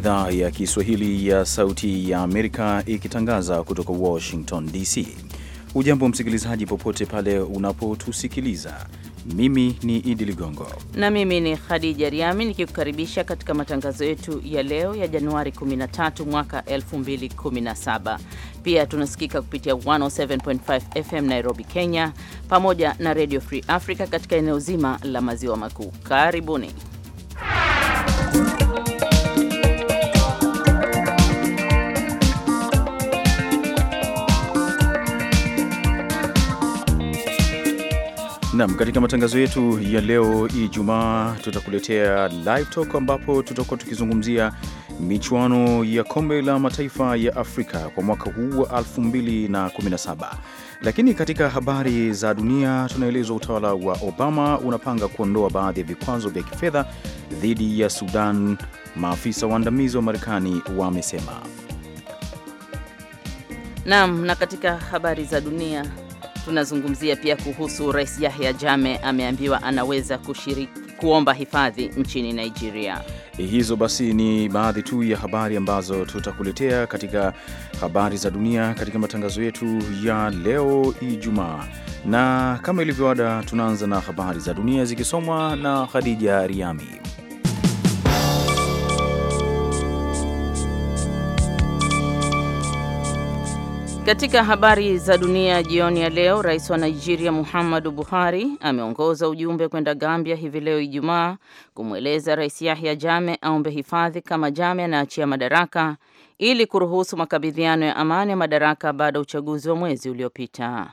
idhaa ya Kiswahili ya Sauti ya Amerika ikitangaza kutoka Washington DC. Ujambo msikilizaji, popote pale unapotusikiliza. Mimi ni Idi Ligongo na mimi ni Khadija Riami nikikukaribisha katika matangazo yetu ya leo ya Januari 13 mwaka 2017. Pia tunasikika kupitia 107.5 FM Nairobi, Kenya, pamoja na Radio Free Africa katika eneo zima la maziwa makuu. Karibuni. Nam, katika matangazo yetu ya leo Ijumaa tutakuletea live talk, ambapo tutakuwa tukizungumzia michuano ya kombe la mataifa ya Afrika kwa mwaka huu wa 2017. Lakini katika habari za dunia tunaelezwa utawala wa Obama unapanga kuondoa baadhi ya vikwazo vya kifedha dhidi ya Sudan, maafisa waandamizi wa Marekani wamesema. Nam, na katika habari za dunia Tunazungumzia pia kuhusu Rais Yahya jame ameambiwa anaweza kushiriki kuomba hifadhi nchini Nigeria. Hizo basi ni baadhi tu ya habari ambazo tutakuletea katika habari za dunia katika matangazo yetu ya leo Ijumaa, na kama ilivyo ada, tunaanza na habari za dunia zikisomwa na Khadija Riami. Katika habari za dunia jioni ya leo, rais wa Nigeria Muhammadu Buhari ameongoza ujumbe kwenda Gambia hivi leo Ijumaa kumweleza rais Yahya jame aombe hifadhi kama jame anaachia madaraka ili kuruhusu makabidhiano ya amani ya madaraka baada ya uchaguzi wa mwezi uliopita.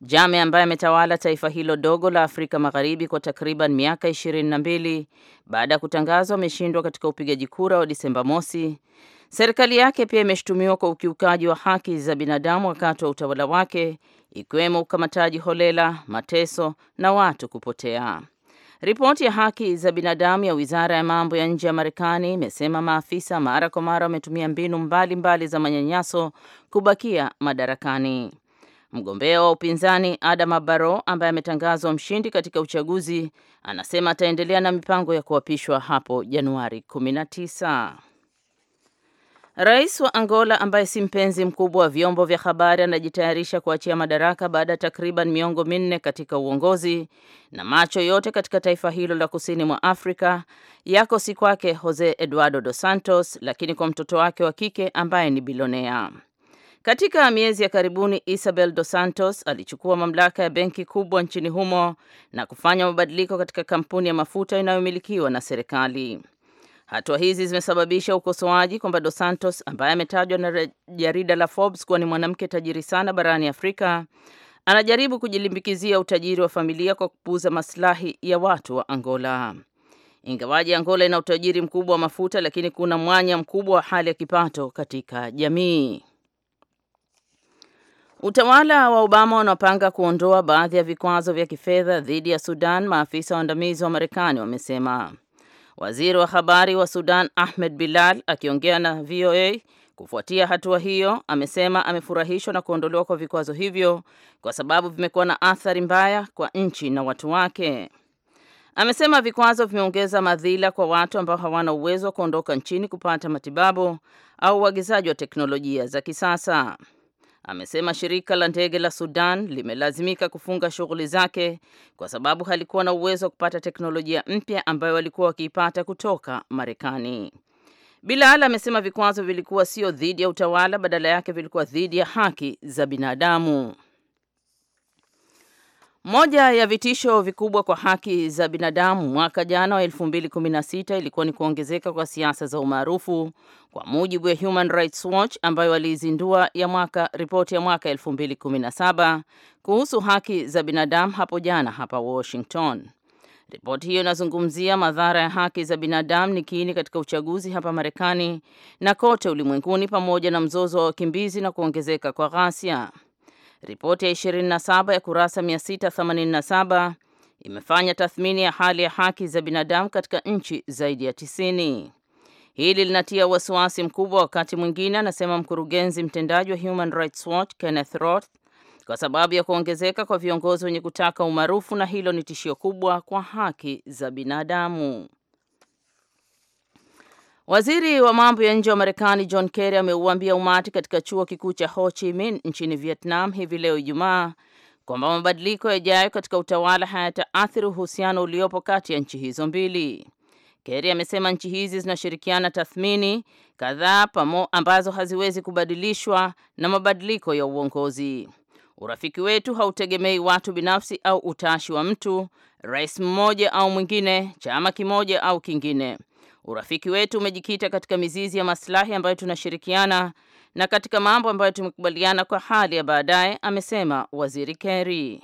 jame ambaye ametawala taifa hilo dogo la Afrika Magharibi kwa takriban miaka ishirini na mbili baada ya kutangazwa ameshindwa katika upigaji kura wa Disemba mosi Serikali yake pia imeshutumiwa kwa ukiukaji wa haki za binadamu wakati wa utawala wake, ikiwemo ukamataji holela, mateso na watu kupotea. Ripoti ya haki za binadamu ya wizara ya mambo ya nje ya Marekani imesema maafisa mara kwa mara wametumia mbinu mbalimbali mbali za manyanyaso kubakia madarakani. Mgombea wa upinzani Adama Barrow ambaye ametangazwa mshindi katika uchaguzi anasema ataendelea na mipango ya kuapishwa hapo Januari 19. Rais wa Angola ambaye si mpenzi mkubwa wa vyombo vya habari anajitayarisha kuachia madaraka baada ya takriban miongo minne katika uongozi, na macho yote katika taifa hilo la kusini mwa Afrika yako si kwake Jose Eduardo Dos Santos, lakini kwa mtoto wake wa kike ambaye ni bilionea. Katika miezi ya karibuni Isabel Dos Santos alichukua mamlaka ya benki kubwa nchini humo na kufanya mabadiliko katika kampuni ya mafuta inayomilikiwa na serikali. Hatua hizi zimesababisha ukosoaji kwamba Dos Santos ambaye ametajwa na jarida la Forbes kuwa ni mwanamke tajiri sana barani Afrika anajaribu kujilimbikizia utajiri wa familia kwa kupuuza maslahi ya watu wa Angola. Ingawaji Angola ina utajiri mkubwa wa mafuta, lakini kuna mwanya mkubwa wa hali ya kipato katika jamii. Utawala wa Obama unapanga kuondoa baadhi ya vikwazo vya kifedha dhidi ya Sudan, maafisa waandamizi wa Marekani wamesema. Waziri wa habari wa Sudan Ahmed Bilal akiongea na VOA kufuatia hatua hiyo, amesema amefurahishwa na kuondolewa kwa vikwazo hivyo kwa sababu vimekuwa na athari mbaya kwa nchi na watu wake. Amesema vikwazo vimeongeza madhila kwa watu ambao hawana uwezo wa kuondoka nchini kupata matibabu au uagizaji wa teknolojia za kisasa amesema shirika la ndege la Sudan limelazimika kufunga shughuli zake kwa sababu halikuwa na uwezo wa kupata teknolojia mpya ambayo walikuwa wakiipata kutoka Marekani. Bilal amesema vikwazo vilikuwa sio dhidi ya utawala, badala yake vilikuwa dhidi ya haki za binadamu. Moja ya vitisho vikubwa kwa haki za binadamu mwaka jana wa 2016 ilikuwa ni kuongezeka kwa siasa za umaarufu, kwa mujibu wa Human Rights Watch ambayo waliizindua ya mwaka ripoti ya mwaka 2017 kuhusu haki za binadamu hapo jana hapa Washington. Ripoti hiyo inazungumzia madhara ya haki za binadamu ni kiini katika uchaguzi hapa Marekani na kote ulimwenguni pamoja na mzozo wa wakimbizi na kuongezeka kwa ghasia. Ripoti ya 27 ya kurasa 687 imefanya tathmini ya hali ya haki za binadamu katika nchi zaidi ya 90. Hili linatia wasiwasi mkubwa wakati mwingine, anasema mkurugenzi mtendaji wa Human Rights Watch Kenneth Roth, kwa sababu ya kuongezeka kwa viongozi wenye kutaka umaarufu, na hilo ni tishio kubwa kwa haki za binadamu. Waziri wa mambo ya nje wa Marekani John Kerry ameuambia umati katika chuo kikuu cha Ho Chi Minh nchini Vietnam hivi leo Ijumaa kwamba mabadiliko yajayo katika utawala hayataathiri uhusiano uliopo kati ya nchi hizo mbili. Kerry amesema nchi hizi zinashirikiana tathmini kadhaa ambazo haziwezi kubadilishwa na mabadiliko ya uongozi. Urafiki wetu hautegemei watu binafsi au utashi wa mtu, rais mmoja au mwingine, chama kimoja au kingine. Urafiki wetu umejikita katika mizizi ya maslahi ambayo tunashirikiana na katika mambo ambayo tumekubaliana kwa hali ya baadaye, amesema Waziri Kerry.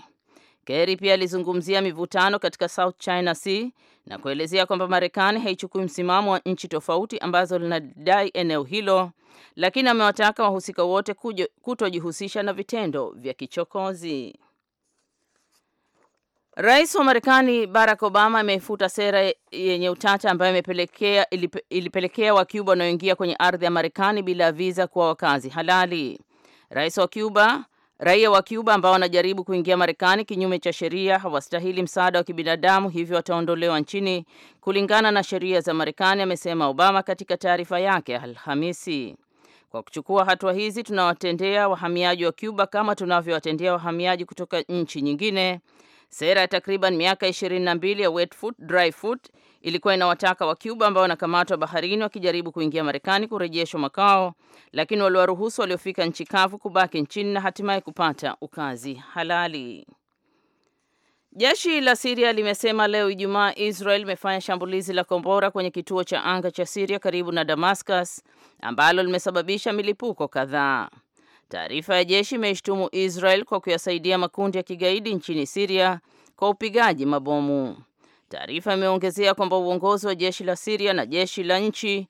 Kerry pia alizungumzia mivutano katika South China Sea na kuelezea kwamba Marekani haichukui msimamo wa nchi tofauti ambazo linadai eneo hilo, lakini amewataka wahusika wote kutojihusisha na vitendo vya kichokozi. Rais wa Marekani Barack Obama ameifuta sera yenye utata ambayo imepelekea ilipelekea Wacuba wanaoingia kwenye ardhi ya Marekani bila viza kuwa wakazi halali. Rais wa Cuba raia wa Cuba ambao wanajaribu kuingia Marekani kinyume cha sheria hawastahili msaada wa kibinadamu, hivyo wataondolewa nchini kulingana na sheria za Marekani, amesema Obama katika taarifa yake Alhamisi. Kwa kuchukua hatua hizi tunawatendea wahamiaji wa Cuba kama tunavyowatendea wahamiaji kutoka nchi nyingine, Sera ya takriban miaka 22 ya wet foot dry foot ilikuwa inawataka wa Cuba ambao wanakamatwa baharini wakijaribu kuingia Marekani kurejeshwa makao, lakini waliwaruhusu waliofika nchi kavu kubaki nchini na hatimaye kupata ukazi halali. Jeshi la Siria limesema leo Ijumaa Israel imefanya shambulizi la kombora kwenye kituo cha anga cha Siria karibu na Damascus ambalo limesababisha milipuko kadhaa. Taarifa ya jeshi imeshtumu Israel kwa kuyasaidia makundi ya kigaidi nchini Siria kwa upigaji mabomu. Taarifa imeongezea kwamba uongozi wa jeshi la Siria na jeshi la nchi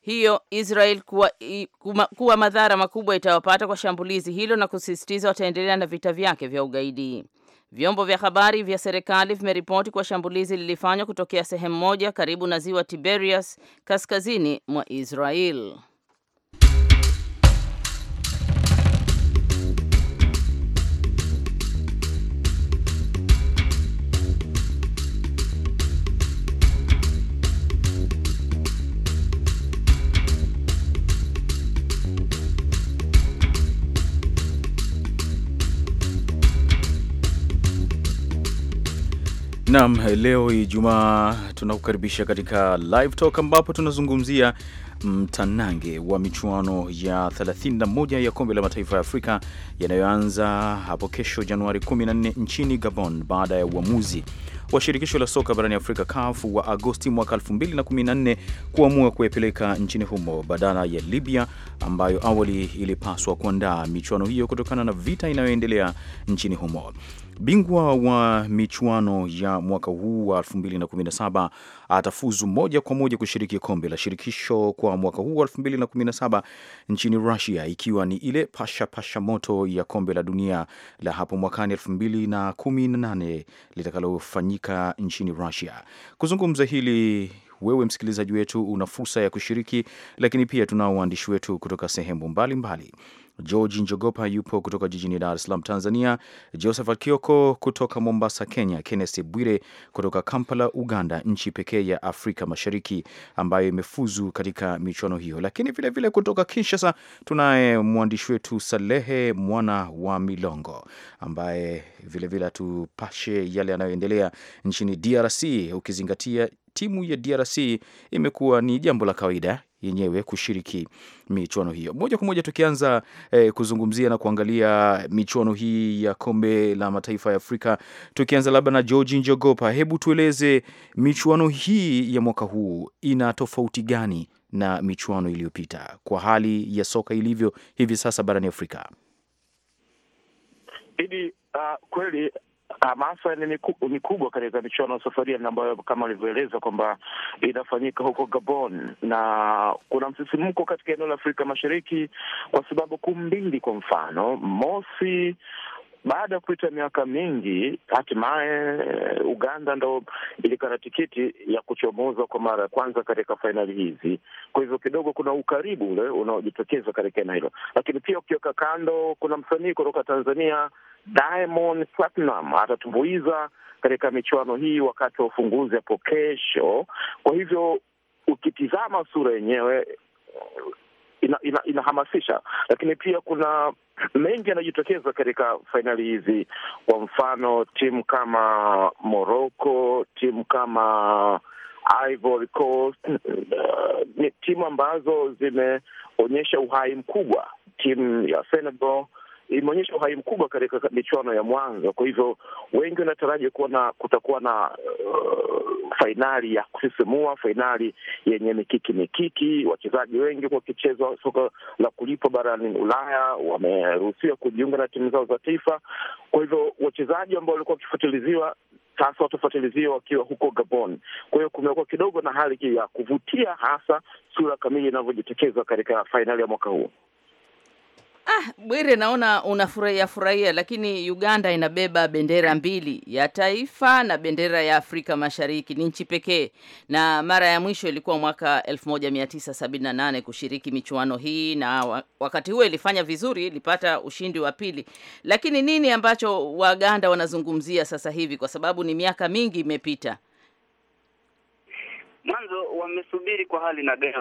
hiyo Israel kuwa, kuma, kuwa madhara makubwa itawapata kwa shambulizi hilo na kusisitiza wataendelea na vita vyake vya ugaidi. Vyombo vya habari vya serikali vimeripoti kwa shambulizi lilifanywa kutokea sehemu moja karibu na ziwa Tiberias kaskazini mwa Israel. Naam, leo Ijumaa tunakukaribisha katika Live Talk ambapo tunazungumzia mtanange wa michuano ya 31 ya kombe la mataifa ya Afrika yanayoanza hapo kesho Januari 14 nchini Gabon baada ya uamuzi wa shirikisho la soka barani Afrika CAF wa Agosti mwaka 2014 kuamua kuyapeleka nchini humo badala ya Libya ambayo awali ilipaswa kuandaa michuano hiyo kutokana na vita inayoendelea nchini humo. Bingwa wa michuano ya mwaka huu wa 2017 atafuzu moja kwa moja kushiriki kombe la shirikisho kwa mwaka huu wa 2017 nchini Russia, ikiwa ni ile pasha pasha moto ya kombe la dunia la hapo mwakani 2018 litakalofanyika nchini Russia. Kuzungumza hili wewe msikilizaji wetu una fursa ya kushiriki, lakini pia tunao waandishi wetu kutoka sehemu mbalimbali mbali. George Njogopa yupo kutoka jijini Dar es Salaam, Tanzania, Joseph Akioko kutoka Mombasa, Kenya, kennes Bwire kutoka Kampala, Uganda, nchi pekee ya Afrika Mashariki ambayo imefuzu katika michuano hiyo. Lakini vilevile vile kutoka Kinshasa tunaye mwandishi wetu Salehe Mwana wa Milongo ambaye vilevile atupashe yale yanayoendelea nchini DRC, ukizingatia timu ya DRC imekuwa ni jambo la kawaida yenyewe kushiriki michuano hiyo. Moja kwa moja tukianza eh, kuzungumzia na kuangalia michuano hii ya kombe la mataifa ya Afrika, tukianza labda na George Njogopa, hebu tueleze michuano hii ya mwaka huu ina tofauti gani na michuano iliyopita kwa hali ya soka ilivyo hivi sasa barani Afrika? Hidi, uh, ah, kweli hamasa ah, ni, miku, ni kubwa katika michuano ya Sofarian ambayo kama alivyoeleza kwamba inafanyika huko Gabon, na kuna msisimko katika eneo la Afrika Mashariki kwa sababu kuu mbili. Kwa mfano, mosi baada ya kupita miaka mingi hatimaye eh, Uganda ndo ilikata tikiti ya kuchomoza kwa mara ya kwanza katika fainali hizi. Kwa hivyo kidogo kuna ukaribu ule unaojitokeza katika eneo hilo, lakini pia ukiweka kando, kuna msanii kutoka Tanzania Diamond Platinum atatumbuiza katika michuano hii wakati wa ufunguzi hapo kesho. Kwa hivyo ukitizama sura yenyewe ina, ina, inahamasisha, lakini pia kuna mengi yanajitokeza katika fainali hizi. Kwa mfano timu kama Morocco, timu kama Ivory Coast uh, ni timu ambazo zimeonyesha uhai mkubwa, timu ya Senegal imeonyesha uhai mkubwa katika michuano ya mwanzo Kwa hivyo wengi wanatarajia na kutakuwa na uh, fainali ya kusisimua, fainali yenye mikiki mikiki. Wachezaji wengi wakicheza soka la kulipwa barani Ulaya wameruhusiwa kujiunga na timu zao za taifa. Kwa hivyo wachezaji ambao walikuwa wakifuatiliziwa sasa watafuatiliziwa wakiwa huko Gabon. Kwa hiyo kumekuwa kidogo na hali ya kuvutia, hasa sura kamili inavyojitokeza katika fainali ya mwaka huu. Ah, Bwire, naona unafurahia furahia, lakini Uganda inabeba bendera mbili ya taifa na bendera ya Afrika Mashariki. Ni nchi pekee, na mara ya mwisho ilikuwa mwaka 1978 kushiriki michuano hii, na wakati huo ilifanya vizuri, ilipata ushindi wa pili. Lakini nini ambacho Waganda wanazungumzia sasa hivi, kwa sababu ni miaka mingi imepita? mwanzo wamesubiri kwa hali na gani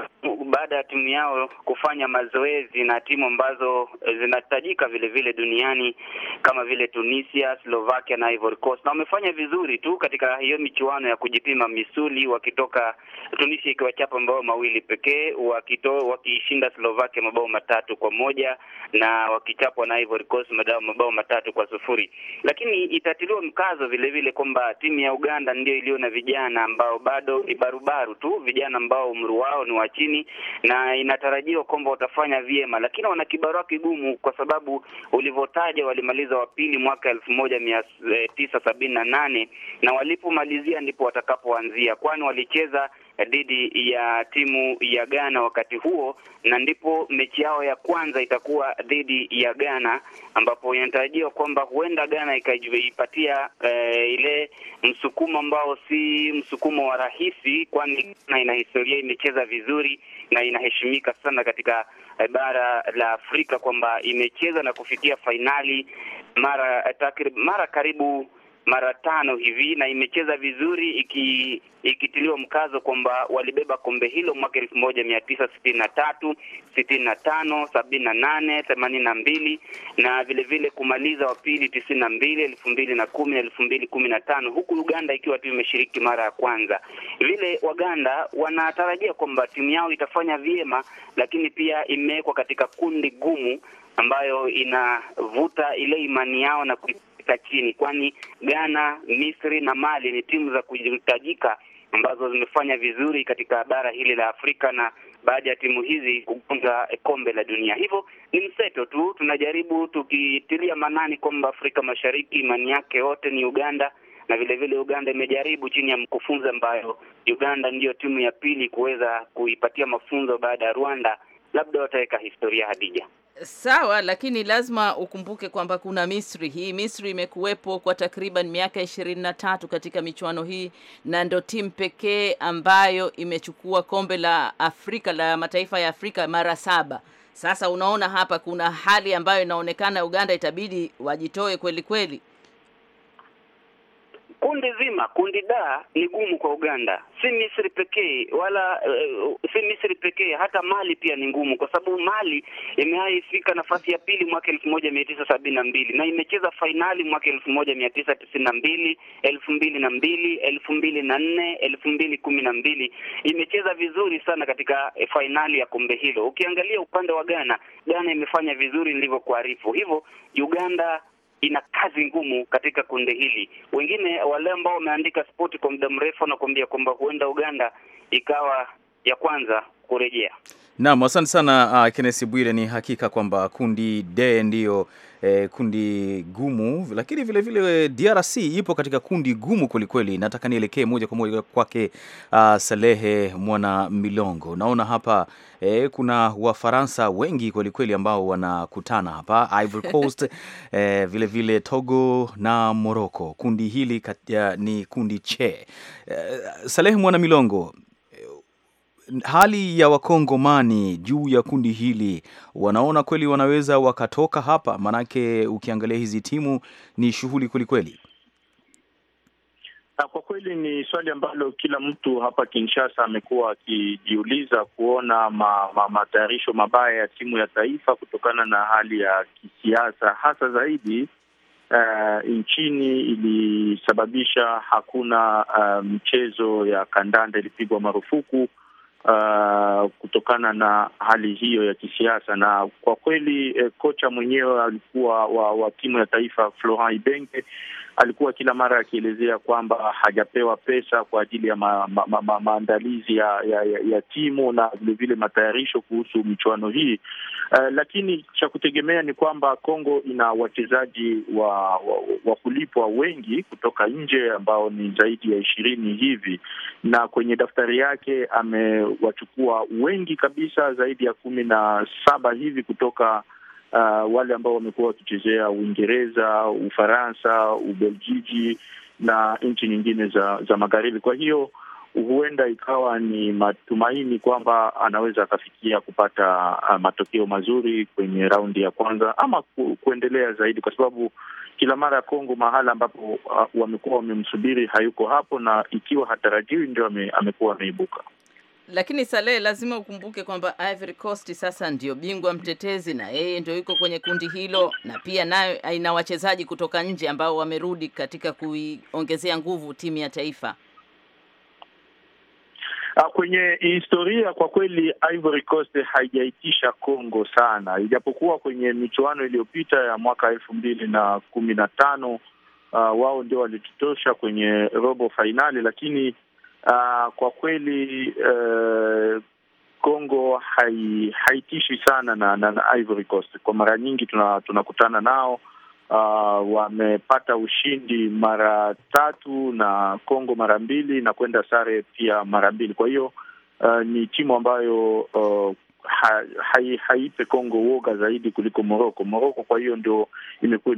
baada ya timu yao kufanya mazoezi na timu ambazo eh, zinatajika vile vile duniani kama vile Tunisia, Slovakia na Ivory Coast, na wamefanya vizuri tu katika hiyo michuano ya kujipima misuli, wakitoka Tunisia ikiwachapa mabao mawili pekee, wakito wakiishinda Slovakia mabao matatu kwa moja na wakichapwa na Ivory Coast mabao matatu kwa sufuri. Lakini itatiliwa mkazo vile vile kwamba timu ya Uganda ndio iliyo na vijana ambao bado ni kibaru tu, vijana ambao umri wao ni wa chini, na inatarajiwa kwamba watafanya vyema, lakini wana kibarua kigumu, kwa sababu ulivyotaja, walimaliza wa pili mwaka elfu moja mia eh, tisa sabini na nane na walipomalizia ndipo watakapoanzia, kwani walicheza dhidi ya timu ya Ghana wakati huo, na ndipo mechi yao ya kwanza itakuwa dhidi ya Ghana, ambapo inatarajiwa kwamba huenda Ghana ikaipatia eh, ile msukumo ambao si msukumo wa rahisi, kwani Ghana ina historia, imecheza vizuri na inaheshimika sana katika eh, bara la Afrika kwamba imecheza na kufikia fainali mara eh, takriban mara karibu mara tano hivi na imecheza vizuri iki ikitiliwa mkazo kwamba walibeba kombe hilo mwaka elfu moja mia tisa sitini na tatu sitini na tano sabini na nane themanini na mbili na vilevile kumaliza wa pili tisini na mbili elfu mbili na kumi na elfu mbili kumi na tano huku Uganda ikiwa tu imeshiriki mara ya kwanza. Vile Waganda wanatarajia kwamba timu yao itafanya vyema, lakini pia imewekwa katika kundi gumu ambayo inavuta ile imani yao na kui katika chini, kwani Ghana, Misri na Mali ni timu za kujitajika ambazo zimefanya vizuri katika bara hili la Afrika na baada ya timu hizi kugonga kombe la dunia. Hivyo ni mseto tu, tunajaribu tukitilia manani kwamba Afrika Mashariki imani yake yote ni Uganda na vile vile Uganda imejaribu chini ya mkufunzi, ambayo Uganda ndiyo timu ya pili kuweza kuipatia mafunzo baada ya Rwanda. Labda wataweka historia, Hadija. Sawa, lakini lazima ukumbuke kwamba kuna Misri. Hii Misri imekuwepo kwa takriban miaka ishirini na tatu katika michuano hii na ndo timu pekee ambayo imechukua kombe la Afrika la mataifa ya Afrika mara saba. Sasa unaona hapa kuna hali ambayo inaonekana Uganda itabidi wajitoe kweli kweli kundi zima, kundi da ni gumu kwa Uganda, si Misri pekee wala uh, si Misri pekee, hata Mali pia ni ngumu, kwa sababu Mali imehaifika nafasi ya pili mwaka elfu moja mia tisa sabini na mbili na imecheza fainali mwaka elfu moja mia tisa tisini na mbili elfu mbili na mbili elfu mbili na nne elfu mbili kumi na mbili Imecheza vizuri sana katika eh, fainali ya kombe hilo. Ukiangalia upande wa Ghana, Ghana imefanya vizuri nilivyokuarifu, hivyo Uganda ina kazi ngumu katika kundi hili. Wengine wale ambao wameandika spoti kwa muda mrefu wanakuambia kwamba huenda Uganda ikawa ya kwanza kurejea. Naam, asante sana uh, Kenneth Bwire. Ni hakika kwamba kundi D ndiyo e, kundi gumu, lakini vilevile vile eh, DRC ipo katika kundi gumu kwelikweli. Nataka nielekee moja kwa moja kwake uh, Salehe Mwana Milongo. Naona hapa e, kuna Wafaransa wengi kwelikweli ambao wanakutana hapa Ivory Coast e, vile vile Togo na Morocco. Kundi hili katia, ni kundi che. Uh, Salehe Mwana Milongo hali ya wakongomani juu ya kundi hili, wanaona kweli wanaweza wakatoka hapa? Maanake ukiangalia hizi timu ni shughuli kwelikweli. Kwa kweli ni swali ambalo kila mtu hapa Kinshasa amekuwa akijiuliza kuona matayarisho ma, ma, mabaya ya timu ya taifa kutokana na hali ya kisiasa hasa zaidi uh, nchini ilisababisha hakuna mchezo eh, mchezo ya kandanda ilipigwa marufuku uh, kutokana na hali hiyo ya kisiasa. Na kwa kweli eh, kocha mwenyewe alikuwa wa, wa timu ya taifa Florent Ibenge alikuwa kila mara akielezea kwamba hajapewa pesa kwa ajili ya ma, ma, ma, ma, maandalizi ya, ya, ya, ya timu na vilevile matayarisho kuhusu michuano hii uh, lakini cha kutegemea ni kwamba Kongo ina wachezaji wa, wa, wa kulipwa wengi kutoka nje ambao ni zaidi ya ishirini hivi, na kwenye daftari yake amewachukua wengi kabisa zaidi ya kumi na saba hivi kutoka uh, wale ambao wamekuwa wakichezea Uingereza, Ufaransa, Ubeljiji na nchi nyingine za za magharibi. Kwa hiyo huenda ikawa ni matumaini kwamba anaweza akafikia kupata uh, matokeo mazuri kwenye raundi ya kwanza ama ku, kuendelea zaidi, kwa sababu kila mara ya Kongo mahala ambapo uh, wamekuwa wamemsubiri hayuko hapo, na ikiwa hatarajiwi ndio amekuwa ameibuka. Lakini salehe lazima ukumbuke kwamba Ivory Coast sasa ndio bingwa mtetezi, na yeye ndio yuko kwenye kundi hilo, na pia nayo ina wachezaji kutoka nje ambao wamerudi katika kuiongezea nguvu timu ya taifa. Ah, kwenye historia kwa kweli, Ivory Coast haijaitisha Congo sana, ijapokuwa kwenye michuano iliyopita ya mwaka elfu mbili na kumi na tano uh, wao ndio walitutosha kwenye robo fainali, lakini Uh, kwa kweli uh, Kongo haitishi sana na, na, na Ivory Coast. Kwa mara nyingi tunakutana tuna nao uh, wamepata ushindi mara tatu na Kongo mara mbili na kwenda sare pia mara mbili. Kwa hiyo uh, ni timu ambayo uh, ha, hai, haipe Kongo woga zaidi kuliko Moroko. Moroko kwa hiyo ndio imekuwa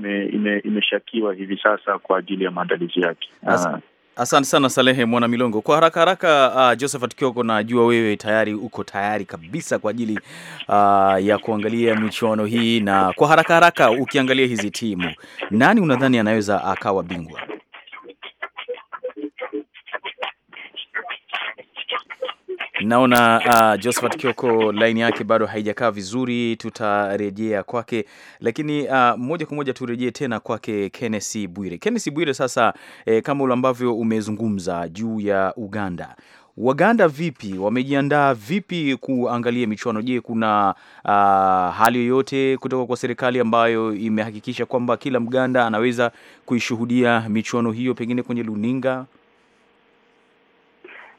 imeshakiwa hivi sasa kwa ajili ya maandalizi yake. Ah. Asante sana Salehe Mwana Milongo. Kwa haraka haraka, uh, Josephat Kioko, najua wewe tayari uko tayari kabisa kwa ajili uh, ya kuangalia michuano hii, na kwa haraka haraka ukiangalia hizi timu, nani unadhani anaweza akawa bingwa? Naona uh, Josephat Kioko laini yake bado haijakaa vizuri, tutarejea kwake, lakini uh, moja kwa moja turejee tena kwake kennesi Bwire. Kenneth Bwire, sasa eh, kama ule ambavyo umezungumza juu ya Uganda Waganda vipi wamejiandaa vipi kuangalia michuano? Je, kuna uh, hali yoyote kutoka kwa serikali ambayo imehakikisha kwamba kila Mganda anaweza kuishuhudia michuano hiyo pengine kwenye luninga?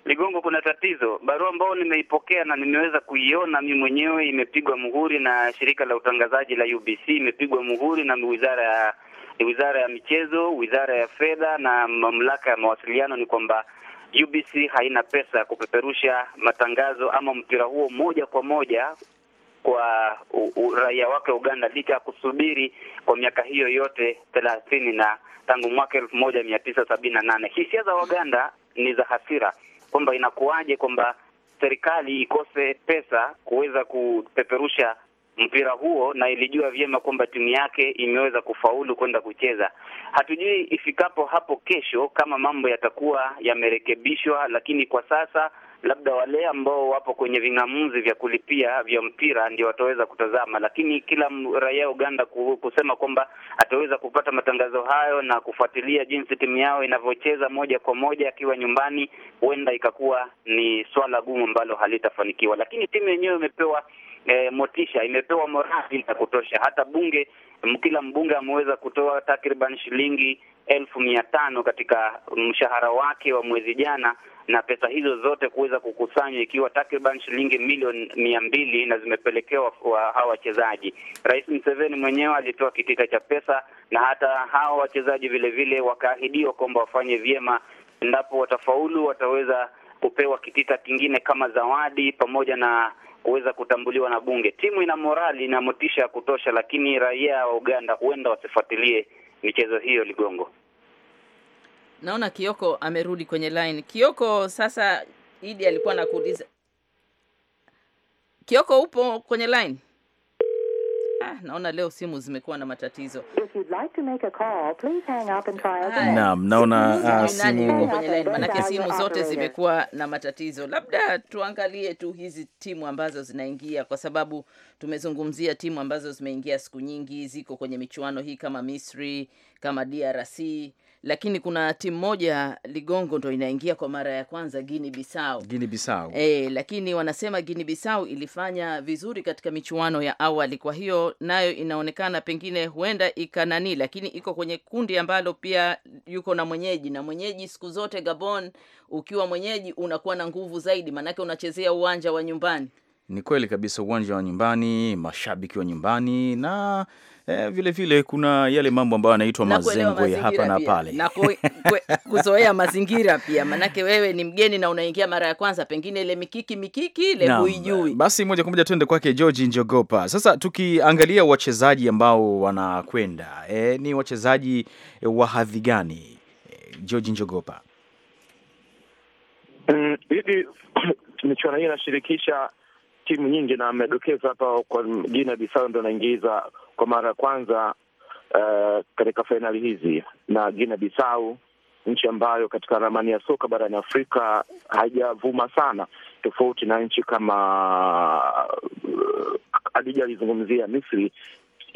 Ligongo, kuna tatizo. Barua ambayo nimeipokea na nimeweza kuiona mimi mwenyewe imepigwa muhuri na shirika la utangazaji la UBC, imepigwa muhuri na wizara ya wizara ya michezo, wizara ya fedha na mamlaka ya mawasiliano, ni kwamba UBC haina pesa ya kupeperusha matangazo ama mpira huo moja kwa moja kwa raia wake Uganda, licha ya kusubiri kwa miaka hiyo yote thelathini na tangu mwaka elfu moja mia tisa sabini na nane. Hisia za Waganda ni za hasira kwamba inakuwaje kwamba serikali ikose pesa kuweza kupeperusha mpira huo na ilijua vyema kwamba timu yake imeweza kufaulu kwenda kucheza. Hatujui ifikapo hapo kesho kama mambo yatakuwa yamerekebishwa, lakini kwa sasa labda wale ambao wapo kwenye ving'amuzi vya kulipia vya mpira ndio wataweza kutazama, lakini kila raia Uganda kusema kwamba ataweza kupata matangazo hayo na kufuatilia jinsi timu yao inavyocheza moja kwa moja akiwa nyumbani, huenda ikakuwa ni swala gumu ambalo halitafanikiwa, lakini timu yenyewe imepewa E, motisha imepewa morali ya kutosha. Hata bunge kila mbunge ameweza kutoa takriban shilingi elfu mia tano katika mshahara wake wa mwezi jana, na pesa hizo zote kuweza kukusanywa ikiwa takriban shilingi milioni mia mbili na zimepelekewa hawa wachezaji. Rais Mseveni mwenyewe alitoa kitita cha pesa, na hata hawa wachezaji vile vile wakaahidiwa kwamba wafanye vyema, endapo watafaulu wataweza kupewa kitita kingine kama zawadi pamoja na kuweza kutambuliwa na bunge. Timu ina morali na motisha ya kutosha, lakini raia wa Uganda huenda wasifuatilie michezo hiyo. Ligongo, naona Kioko amerudi kwenye line. Kioko, sasa Idi alikuwa anakuuliza. Kioko, upo kwenye line? Ah, naona leo simu zimekuwa na matatizo. Naam, naona simu ah, simu zote zimekuwa na matatizo. Labda tuangalie tu hizi timu ambazo zinaingia, kwa sababu tumezungumzia timu ambazo zimeingia siku nyingi, ziko kwenye michuano hii kama Misri, kama DRC lakini kuna timu moja ligongo ndo inaingia kwa mara ya kwanza Guinea Bissau. Guinea Bissau. E, lakini wanasema Guinea Bissau ilifanya vizuri katika michuano ya awali, kwa hiyo nayo inaonekana pengine huenda ikanani, lakini iko kwenye kundi ambalo pia yuko na mwenyeji, na mwenyeji siku zote Gabon, ukiwa mwenyeji unakuwa na nguvu zaidi, maanake unachezea uwanja wa nyumbani. Ni kweli kabisa, uwanja wa nyumbani, mashabiki wa nyumbani na eh, vile vile kuna yale mambo ambayo yanaitwa mazengo ya hapa na pale na kuzoea mazingira pia, manake wewe ni mgeni na unaingia mara ya kwanza, pengine ile mikiki mikiki ile huijui. Basi moja kwa moja tuende kwake George Njogopa. Sasa tukiangalia wachezaji ambao wanakwenda eh, ni wachezaji wa hadhi gani? Eh, George Njogopa, mm, hivi michuano hii inashirikisha timu nyingi, na amedokeza hapa kwa jina Bisao ndo anaingiza kwa mara ya kwanza uh, katika fainali hizi, na Gine Bisau nchi ambayo katika ramani ya soka barani Afrika haijavuma sana, tofauti na nchi kama uh, eh, Adija alizungumzia Misri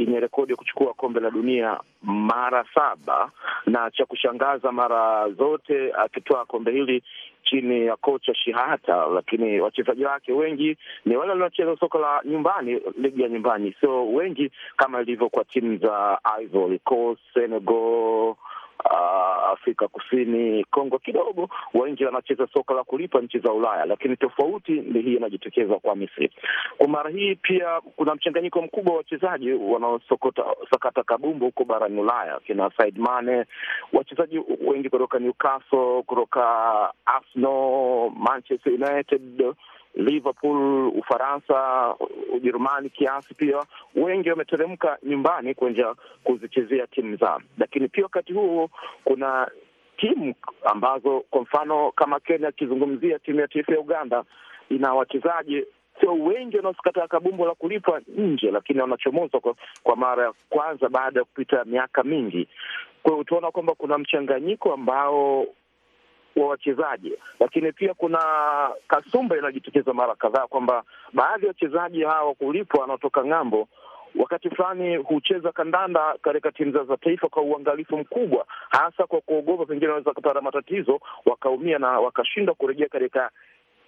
yenye rekodi ya kuchukua kombe la dunia mara saba, na cha kushangaza mara zote uh, akitoa kombe hili chini ya kocha Shihata, lakini wachezaji wake wengi ni wale waliocheza soka la nyumbani, ligi ya nyumbani, sio wengi kama ilivyo kwa timu za Ivory Coast, Senegal Ah, Afrika Kusini, Kongo kidogo wengi wanacheza soka la kulipa nchi za Ulaya, lakini tofauti ndi hii inajitokeza kwa Misri. Kwa mara hii pia kuna mchanganyiko mkubwa wa wachezaji wanaosokota sakata kabumbu huko barani Ulaya, kina Said Mane, wachezaji wengi kutoka Newcastle, kutoka Arsenal, Manchester United Liverpool, Ufaransa, Ujerumani kiasi pia wengi wameteremka nyumbani kuenja kuzichezea timu zao, lakini pia wakati huo kuna timu ambazo kwa mfano kama Kenya, akizungumzia timu ya taifa ya Uganda ina wachezaji sio wengi wanaosikata kabumbu la kulipwa nje, lakini wanachomozwa kwa, kwa mara ya kwanza baada ya kupita miaka mingi. Kwa hiyo utaona kwamba kuna mchanganyiko ambao wa wachezaji, lakini pia kuna kasumba inayojitokeza mara kadhaa kwamba baadhi ya wachezaji hawa kulipwa wanaotoka ng'ambo wakati fulani hucheza kandanda katika timu zao za taifa kwa uangalifu mkubwa, hasa kwa kuogopa pengine wanaweza kupata matatizo wakaumia na wakashindwa kurejea katika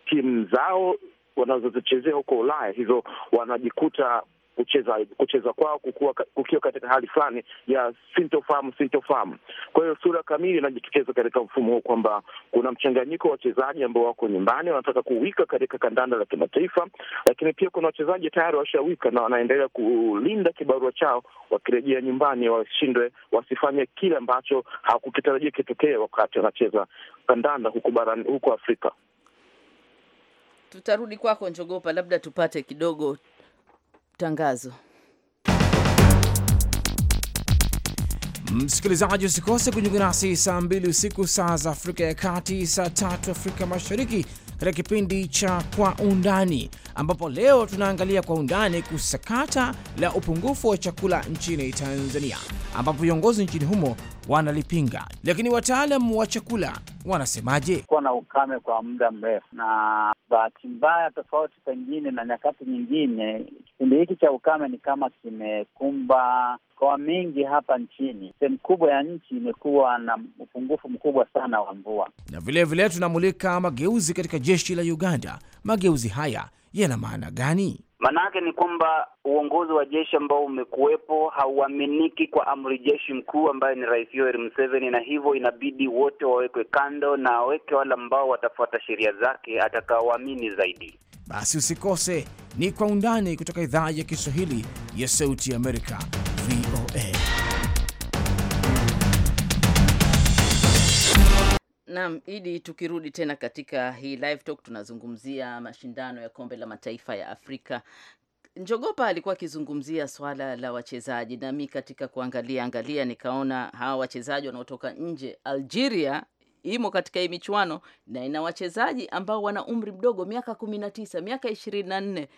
timu zao wanazozichezea huko Ulaya, hivyo wanajikuta kucheza kucheza kwao kukua kukiwa katika hali fulani ya sintofahamu sintofahamu. Kwa hiyo sura kamili inajitokeza katika mfumo huu kwamba kuna mchanganyiko wa wachezaji ambao wako nyumbani wanataka kuwika katika kandanda la kimataifa, lakini pia kuna wachezaji tayari washawika na wanaendelea kulinda kibarua chao, wakirejea nyumbani washindwe, wasifanye kile ambacho hawakukitarajia kitokee wakati wanacheza kandanda huko barani huko Afrika. Tutarudi kwako Njogopa, labda tupate kidogo tangazo. Msikilizaji, usikose kujiunga nasi saa mbili usiku saa za Afrika ya Kati, saa tatu Afrika Mashariki, katika kipindi cha Kwa Undani, ambapo leo tunaangalia kwa undani kusakata la upungufu wa chakula nchini Tanzania, ambapo viongozi nchini humo wanalipinga, lakini wataalam wa chakula wanasemaje? Kuwa na ukame kwa muda mrefu, na bahati mbaya, tofauti pengine na nyakati nyingine, kipindi hiki cha ukame ni kama kimekumba mikoa mingi hapa nchini. Sehemu kubwa ya nchi imekuwa na upungufu mkubwa sana wa mvua, na vilevile tunamulika mageuzi katika jeshi la Uganda. Mageuzi haya yana maana gani? Maanake ni kwamba uongozi wa jeshi ambao umekuwepo hauaminiki kwa amri jeshi mkuu ambaye ni Rais Yoweri Museveni, na hivyo inabidi wote wawekwe kando na waweke wale ambao watafuata sheria zake atakaoamini zaidi. Basi usikose, ni kwa undani kutoka idhaa ya Kiswahili ya Sauti ya Amerika. Naam, Idi, tukirudi tena katika hii live talk tunazungumzia mashindano ya kombe la mataifa ya Afrika. Njogopa alikuwa akizungumzia swala la wachezaji, nami katika kuangalia angalia nikaona hawa wachezaji wanaotoka nje. Algeria imo katika hii michuano na ina wachezaji ambao wana umri mdogo, miaka kumi na tisa, miaka ishirini na nne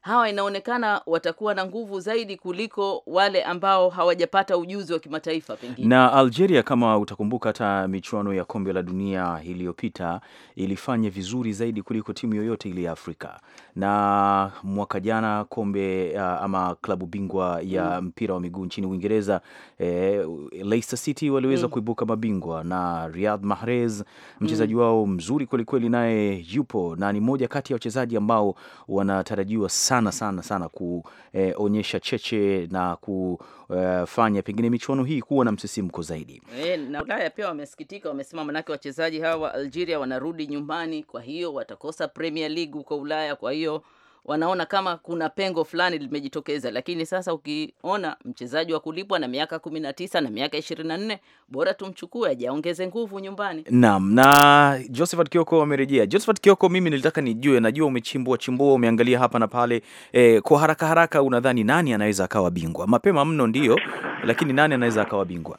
hawa inaonekana watakuwa na nguvu zaidi kuliko wale ambao hawajapata ujuzi wa kimataifa pengine. Na Algeria, kama utakumbuka, hata michuano ya kombe la dunia iliyopita ilifanya vizuri zaidi kuliko timu yoyote ile ya Afrika, na mwaka jana kombe uh, ama klabu bingwa ya mm. mpira wa miguu nchini Uingereza, eh, Leicester City waliweza mm. kuibuka mabingwa na Riyad Mahrez mchezaji mm. wao mzuri kwelikweli, naye yupo na ni moja kati ya wachezaji ambao wanatarajiwa sana sana sana kuonyesha eh, cheche na kufanya eh, pengine michuano hii kuwa na msisimko zaidi. E, na Ulaya pia wamesikitika, wamesema manake wachezaji hawa wa Algeria wanarudi nyumbani, kwa hiyo watakosa Premier League huko Ulaya, kwa hiyo wanaona kama kuna pengo fulani limejitokeza, lakini sasa ukiona mchezaji wa kulipwa na miaka kumi na tisa na miaka ishirini na nne bora tumchukue ajaongeze nguvu nyumbani. Naam, na Josephat Kioko amerejea. Josephat Kioko, mimi nilitaka nijue, najua umechimbua chimbua, umeangalia hapa na pale e, kwa haraka haraka, unadhani nani anaweza akawa bingwa? Mapema mno ndiyo, lakini nani anaweza akawa bingwa?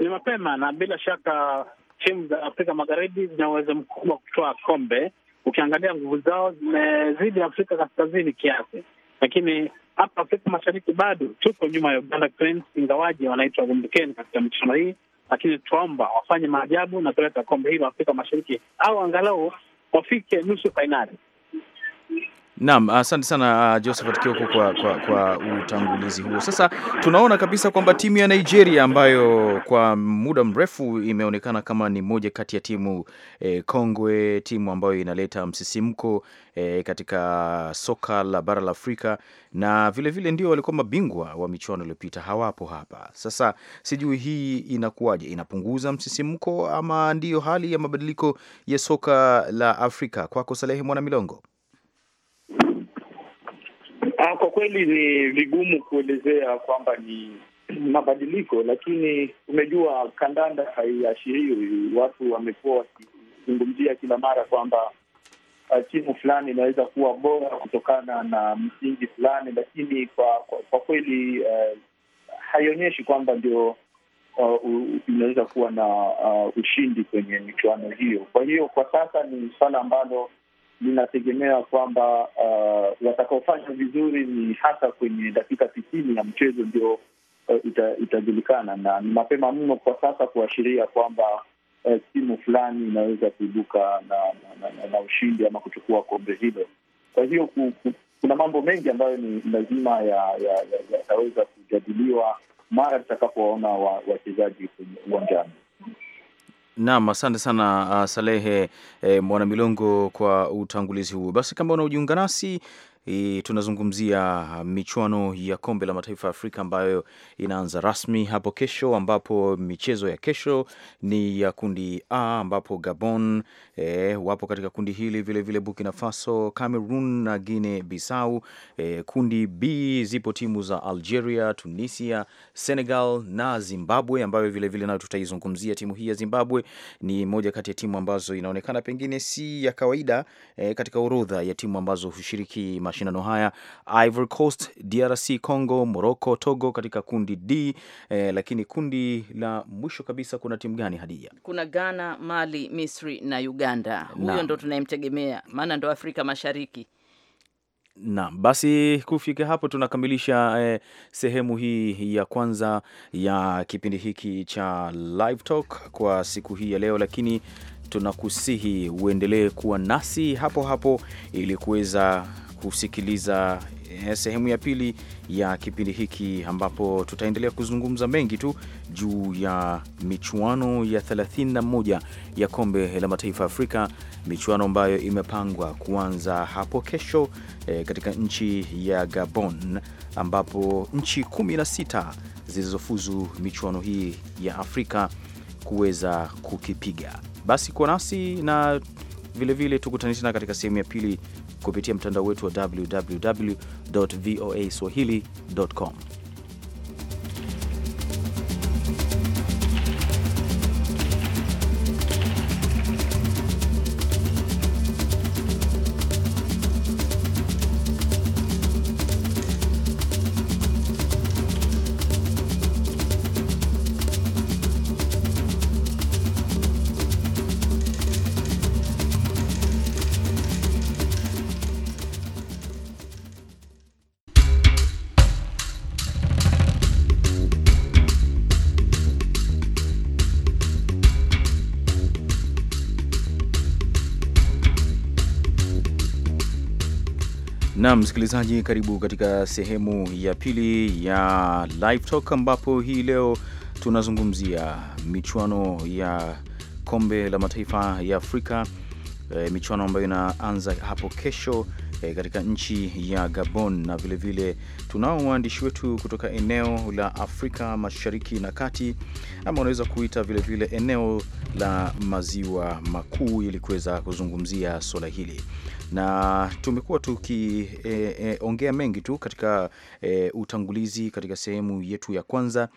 Ni mapema na bila shaka timu za Afrika Magharibi zina uwezo mkubwa kutoa kombe ukiangalia nguvu zao zimezidi Afrika Kaskazini kiasi, lakini hapa Afrika Mashariki bado tuko nyuma ya Uganda Cranes, wanaitwa gumbukeni katika michano hii, lakini tuomba wafanye maajabu na kuleta kombe hilo Afrika Mashariki au angalau wafike nusu fainali. Naam, asante sana uh, Josephat Kioko kwa, kwa, kwa utangulizi huo. Sasa tunaona kabisa kwamba timu ya Nigeria ambayo kwa muda mrefu imeonekana kama ni moja kati ya timu eh, kongwe, timu ambayo inaleta msisimko eh, katika soka la bara la Afrika na vilevile vile ndio walikuwa mabingwa wa michuano iliyopita, hawapo hapa sasa. Sijui hii inakuwaje, inapunguza msisimko ama ndiyo hali ya mabadiliko ya soka la Afrika? Kwako Salehe Mwana Milongo. Ah, kwa kweli ni vigumu kuelezea kwamba ni mabadiliko, lakini umejua kandanda haiashiriwi. Watu wamekuwa wakizungumzia kila mara kwamba ah, timu fulani inaweza kuwa bora kutokana na msingi fulani, lakini kwa kwa, kwa kweli uh, haionyeshi kwamba ndio uh, inaweza kuwa na uh, ushindi kwenye michuano hiyo. Kwa hiyo kwa sasa ni swala ambalo linategemea kwamba uh, watakaofanya vizuri ni hasa kwenye dakika tisini ya mchezo ndio uh, ita, itajulikana, na ni mapema mno kwa sasa kuashiria kwamba uh, timu fulani inaweza kuibuka na, na, na, na, na ushindi ama kuchukua kombe hilo. Kwa hiyo ku, ku, kuna mambo mengi ambayo ni lazima yataweza ya, ya, ya kujadiliwa mara tutakapowaona wachezaji wa kwenye uwanjani. Naam, asante sana ah, Salehe eh, mwana Mwanamilongo kwa utangulizi huu. Basi kama unaojiunga nasi I, tunazungumzia michuano ya kombe la mataifa ya Afrika ambayo inaanza rasmi hapo kesho, ambapo michezo ya kesho ni ya kundi A ambapo Gabon e, wapo katika kundi hili vilevile vile Burkina Faso, Cameroon na Guine Bissau. E, kundi B zipo timu za Algeria, Tunisia, Senegal na Zimbabwe, ambayo vilevile nayo tutaizungumzia. Timu hii ya Zimbabwe ni moja kati ya timu ambazo inaonekana pengine si ya kawaida e, katika orodha ya timu ambazo hushiriki mashindano haya Ivory Coast, DRC Congo, Morocco, Togo katika kundi D. Eh, lakini kundi la mwisho kabisa kuna timu gani Hadija? Kuna Ghana, Mali, Misri na Uganda. Huyo ndo tunayemtegemea, maana ndo Afrika Mashariki. Naam, basi kufika hapo tunakamilisha eh, sehemu hii ya kwanza ya kipindi hiki cha Live Talk kwa siku hii ya leo, lakini tunakusihi uendelee kuwa nasi hapo hapo ili kuweza kusikiliza eh, sehemu ya pili ya kipindi hiki ambapo tutaendelea kuzungumza mengi tu juu ya michuano ya 31 ya kombe la mataifa ya Afrika, michuano ambayo imepangwa kuanza hapo kesho e, katika nchi ya Gabon ambapo nchi 16 zilizofuzu michuano hii ya Afrika kuweza kukipiga. Basi kuwa nasi na vilevile tukutane tena katika sehemu ya pili kupitia mtandao wetu wa www voa swahili.com. Naam, msikilizaji, karibu katika sehemu ya pili ya Live Talk ambapo hii leo tunazungumzia michuano ya kombe la mataifa ya Afrika e, michuano ambayo inaanza hapo kesho e, katika nchi ya Gabon, na vilevile tunao waandishi wetu kutoka eneo la Afrika Mashariki na Kati, ama unaweza kuita vilevile vile eneo la maziwa makuu ili kuweza kuzungumzia swala hili na tumekuwa tukiongea eh, eh, e, e, mengi tu katika e, utangulizi katika sehemu yetu ya kwanza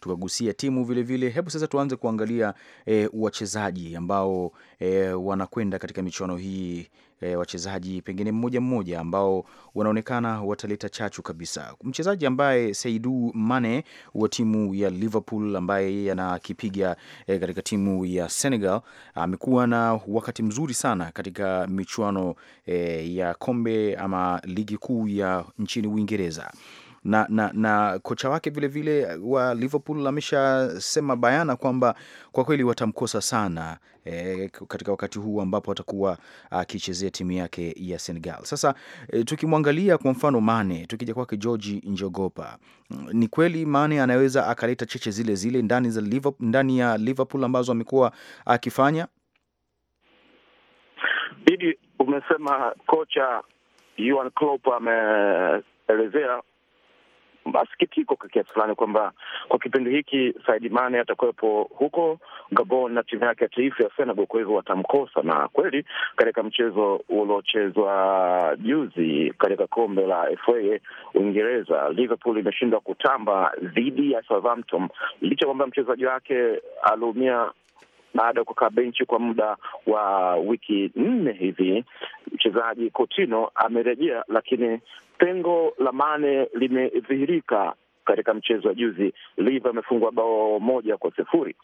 tukagusia timu vilevile vile. Hebu sasa tuanze kuangalia e, wachezaji ambao e, wanakwenda katika michuano hii e, wachezaji pengine mmoja mmoja ambao wanaonekana wataleta chachu kabisa. Mchezaji ambaye Saidu Mane wa timu ya Liverpool ambaye yeye anakipiga e, katika timu ya Senegal amekuwa na wakati mzuri sana katika michuano e, ya kombe ama ligi kuu ya nchini Uingereza na, na, na kocha wake vilevile vile wa Liverpool ameshasema bayana kwamba kwa kweli watamkosa sana e, katika wakati huu ambapo atakuwa ah, akichezea timu yake ya Senegal. Sasa e, tukimwangalia kwa mfano Mane, tukija kwake George Njogopa, mm, ni kweli Mane anaweza akaleta cheche zile zile ndani za Liverpool, ndani ya Liverpool ambazo amekuwa akifanya. Bidi umesema kocha Jurgen Klopp ameelezea masikitiko kwa kiasi fulani kwamba kwa kipindi hiki Saidi Mane atakuwepo huko Gabon na timu yake ya taifa ya Senegal, kwa hivyo watamkosa. Na kweli katika mchezo uliochezwa juzi katika kombe la FA Uingereza, Liverpool imeshindwa kutamba dhidi ya Southampton licha kwamba mchezaji wake aliumia baada ya kukaa benchi kwa muda wa wiki nne hivi, mchezaji Coutinho amerejea, lakini pengo la Mane limedhihirika katika mchezo wa juzi Liva amefungwa bao moja kwa sifuri.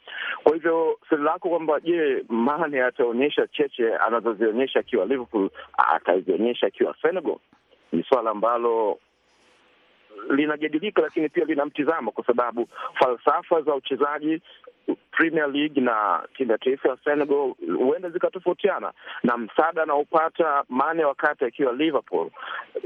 Kwa hivyo swali lako kwamba je, Mane ataonyesha cheche anazozionyesha akiwa Liverpool atazionyesha akiwa Senegal ni swala ambalo linajadilika, lakini pia linamtizama, kwa sababu falsafa za uchezaji Premier League na timu ya taifa ya Senegal huenda zikatofautiana, na msaada anaopata Mane wakati akiwa Liverpool